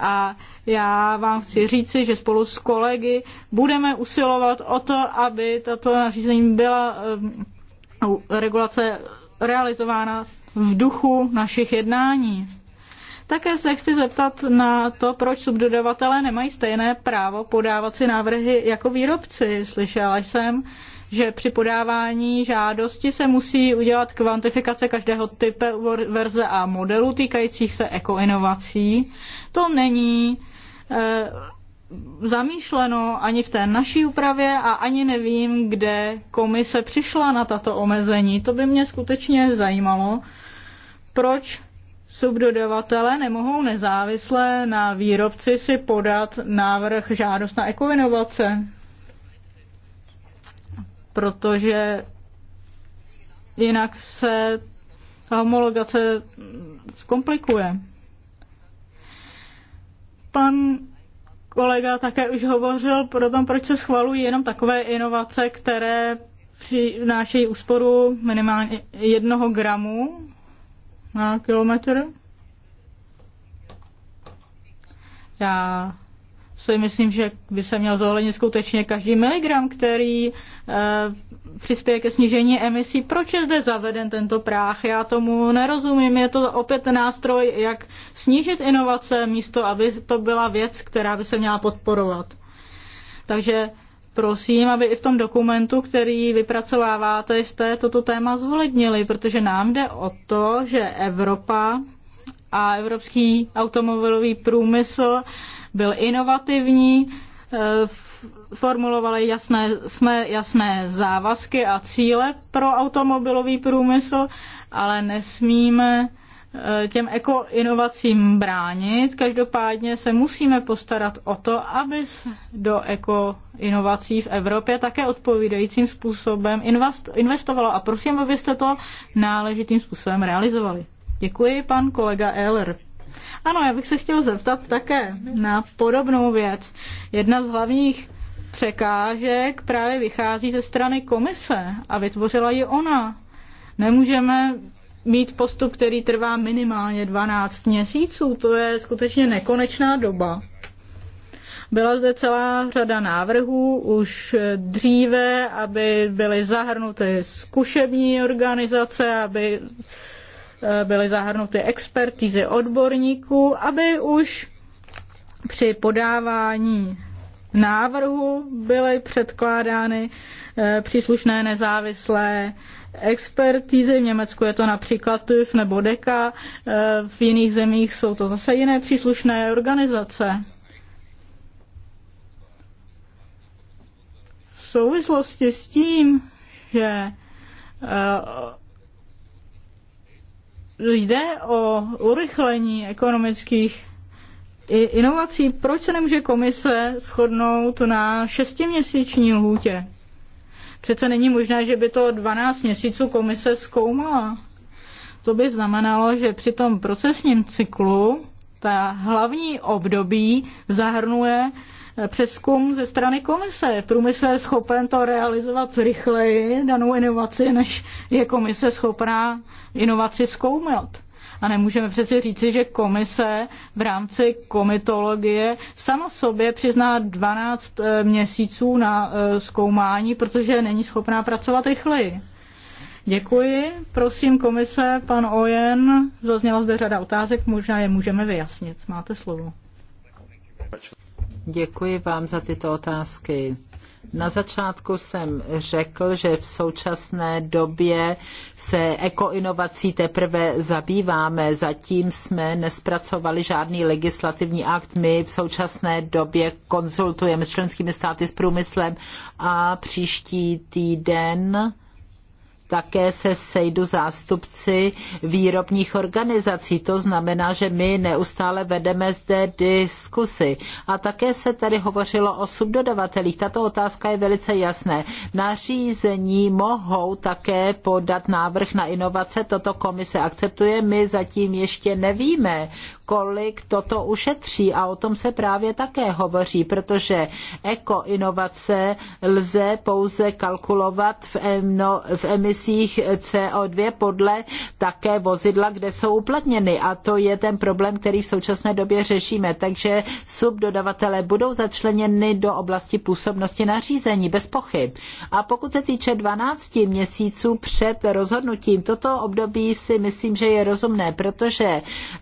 A já vám chci říci, že spolu s kolegy budeme usilovat o to, aby tato nařízení byla eh, regulace realizována v duchu našich jednání. Také se chci zeptat na to, proč subdodavatelé nemají stejné právo podávat si návrhy jako výrobci. Slyšela jsem, že při podávání žádosti se musí udělat kvantifikace každého typu verze a modelu týkajících se ekoinovací. To není eh, zamýšleno ani v té naší úpravě a ani nevím, kde komise přišla na tato omezení. To by mě skutečně zajímalo, proč subdodavatele nemohou nezávisle na výrobci si podat návrh žádost na ekoinovace, protože jinak se ta homologace zkomplikuje. Pan kolega také už hovořil o tom, proč se schvalují jenom takové inovace, které přinášejí úsporu minimálně jednoho gramu na kilometr. Já si myslím, že by se měl zohlednit skutečně každý miligram, který e, přispěje ke snížení emisí. Proč je zde zaveden tento práh? Já tomu nerozumím. Je to opět nástroj, jak snížit inovace, místo aby to byla věc, která by se měla podporovat. Takže prosím, aby i v tom dokumentu, který vypracováváte, jste toto téma zvolednili, protože nám jde o to, že Evropa a evropský automobilový průmysl byl inovativní, eh, formulovali jasné, jsme jasné závazky a cíle pro automobilový průmysl, ale nesmíme eh, těm ekoinovacím bránit. Každopádně se musíme postarat o to, aby do ekoinovací v Evropě také odpovídajícím způsobem investovalo. A prosím, abyste to náležitým způsobem realizovali. Děkuji, pan kolega Eller. Ano, já bych se chtěl zeptat také na podobnou věc. Jedna z hlavních překážek právě vychází ze strany komise a vytvořila ji ona. Nemůžeme mít postup, který trvá minimálně 12 měsíců. To je skutečně nekonečná doba. Byla zde celá řada návrhů už dříve, aby byly zahrnuty zkušební organizace, aby Eh, byly zahrnuty expertízy odborníků, aby už při podávání návrhu byly předkládány eh, příslušné nezávislé expertízy. V Německu je to například TÜV nebo DEKA, eh, v jiných zemích jsou to zase jiné příslušné organizace. V souvislosti s tím, že jde o urychlení ekonomických inovací, proč se nemůže komise shodnout na šestiměsíční lhůtě? Přece není možné, že by to 12 měsíců komise zkoumala. To by znamenalo, že při tom procesním cyklu ta hlavní období zahrnuje přeskum ze strany komise. Průmysl je schopen to realizovat rychleji, danou inovaci, než je komise schopná inovaci zkoumat. A nemůžeme přeci říci, že komise v rámci komitologie sama sobě přizná 12 eh, měsíců na eh, zkoumání, protože není schopná pracovat rychleji. Děkuji. Prosím komise, pan Ojen, zazněla zde řada otázek, možná je můžeme vyjasnit. Máte slovo. Děkuji vám za tyto otázky. Na začátku jsem řekl, že v současné době se ekoinovací teprve zabýváme. Zatím jsme nespracovali žádný legislativní akt. My v současné době konzultujeme s členskými státy s průmyslem a příští týden také se sejdu zástupci výrobních organizací. To znamená, že my neustále vedeme zde diskusy. A také se tady hovořilo o subdodavatelích. Tato otázka je velice jasné. Nařízení mohou také podat návrh na inovace. Toto komise akceptuje. My zatím ještě nevíme, kolik toto ušetří a o tom se právě také hovoří, protože ekoinovace lze pouze kalkulovat v, emno, v emisi emisích CO2 podle také vozidla, kde jsou uplatněny. A to je ten problém, který v současné době řešíme. Takže subdodavatele budou začleněny do oblasti působnosti nařízení, bez pochyb. A pokud se týče 12 měsíců před rozhodnutím, toto období si myslím, že je rozumné, protože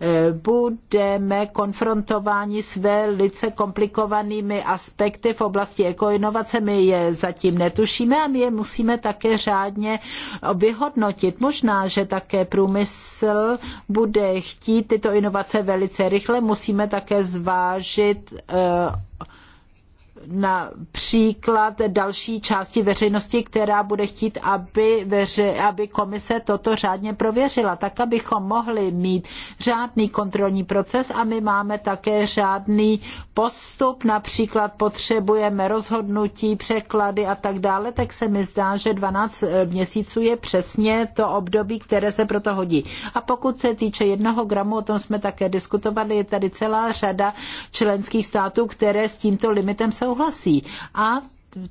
eh, budeme konfrontováni s velice komplikovanými aspekty v oblasti ekoinovace. My je zatím netušíme a my je musíme také řádně vyhodnotit. Možná, že také průmysl bude chtít tyto inovace velice rychle. Musíme také zvážit eh, například další části veřejnosti, která bude chtít, aby, veři, aby komise toto řádně prověřila, tak abychom mohli mít řádný kontrolní proces a my máme také řádný postup, například potřebujeme rozhodnutí, překlady a tak dále, tak se mi zdá, že 12 eh, měsíců je přesně to období, které se proto hodí. A pokud se týče jednoho gramu, o tom jsme také diskutovali, je tady celá řada členských států, které s tímto limitem souhlasí souhlasí. A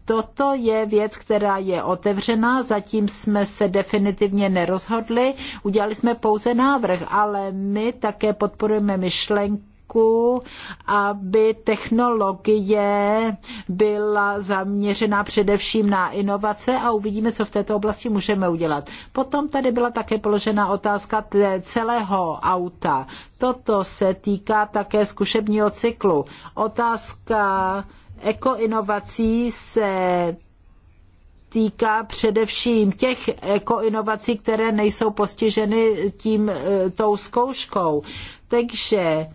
Toto je věc, která je otevřená, zatím jsme se definitivně nerozhodli, udělali jsme pouze návrh, ale my také podporujeme myšlenku, aby technologie byla zaměřena především na inovace a uvidíme, co v této oblasti můžeme udělat. Potom tady byla také položena otázka celého auta. Toto se týká také zkušebního cyklu. Otázka Ekoinovací se týká především těch ekoinovací, které nejsou postiženy tím, e, tou zkouškou. Takže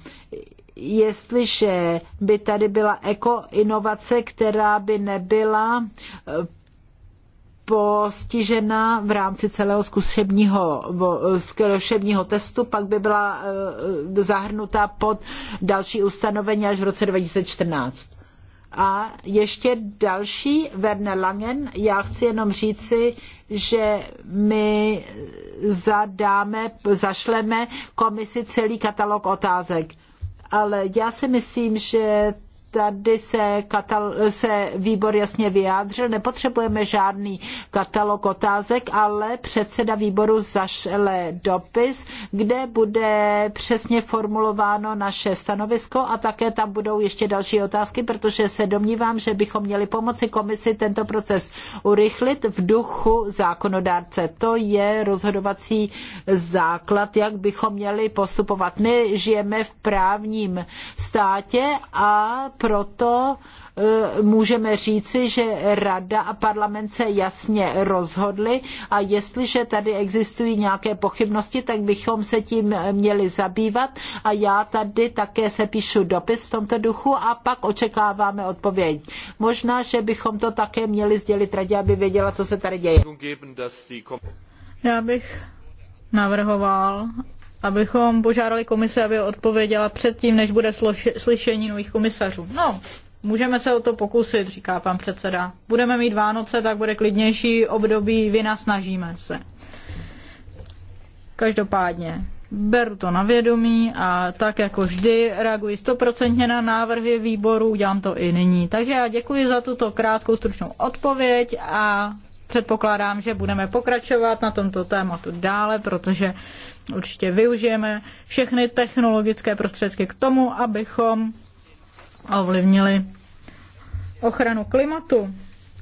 jestliže by tady byla ekoinovace, která by nebyla e, postižena v rámci celého zkušebního, zkušebního testu, pak by byla e, zahrnuta pod další ustanovení až v roce 2014. A ještě další, Werner Langen, já chci jenom říci, že my zadáme, zašleme komisi celý katalog otázek. Ale já si myslím, že tady se, katal, se výbor jasně vyjádřil, nepotřebujeme žádný katalog otázek, ale předseda výboru zašle dopis, kde bude přesně formulováno naše stanovisko a také tam budou ještě další otázky, protože se domnívám, že bychom měli pomoci komisi tento proces urychlit v duchu zákonodárce. To je rozhodovací základ, jak bychom měli postupovat. My žijeme v právním státě a proto e, můžeme říci, že rada a parlament se jasně rozhodly a jestliže tady existují nějaké pochybnosti, tak bychom se tím měli zabývat a já tady také se píšu dopis v tomto duchu a pak očekáváme odpověď. Možná, že bychom to také měli sdělit radě, aby věděla, co se tady děje. Já bych navrhoval, abychom požádali komise, aby odpověděla předtím, než bude slyšení nových komisařů. No, můžeme se o to pokusit, říká pan předseda. Budeme mít Vánoce, tak bude klidnější období, vina snažíme se. Každopádně, beru to na vědomí a tak jako vždy reaguji stoprocentně na návrhy výboru, dělám to i nyní. Takže já děkuji za tuto krátkou stručnou odpověď a předpokládám, že budeme pokračovat na tomto tématu dále, protože Určitě využijeme všechny technologické prostředky k tomu, abychom ovlivnili ochranu klimatu.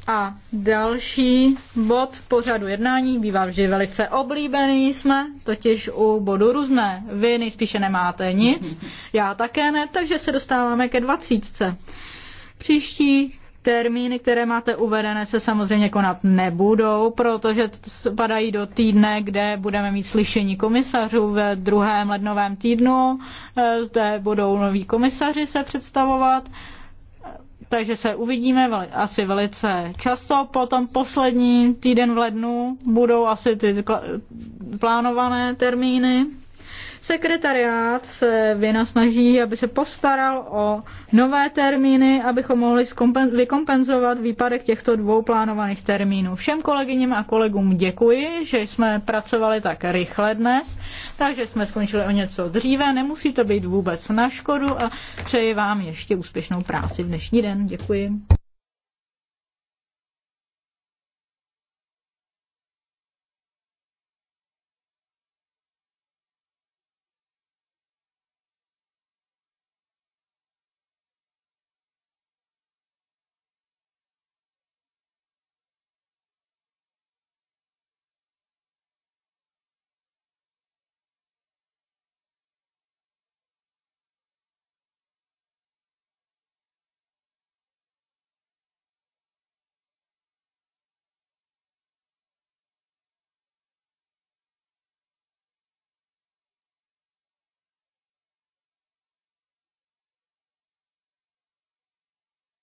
A další bod pořadu jednání bývá vždy velice oblíbený. Jsme totiž u bodu různé. Vy nejspíše nemáte nic, já také ne, takže se dostáváme ke dvacítce. Příští termíny, které máte uvedené, se samozřejmě konat nebudou, protože spadají do týdne, kde budeme mít slyšení komisařů ve druhém lednovém týdnu. E, zde budou noví komisaři se představovat. Takže se uvidíme asi velice často. Potom poslední týden v lednu budou asi ty plánované termíny Sekretariát se snaží, aby se postaral o nové termíny, abychom mohli vykompenzovat výpadek těchto dvou plánovaných termínů. Všem kolegyním a kolegům děkuji, že jsme pracovali tak rychle dnes, takže jsme skončili o něco dříve. Nemusí to být vůbec na škodu a přeji vám ještě úspěšnou práci v dnešní den. Děkuji.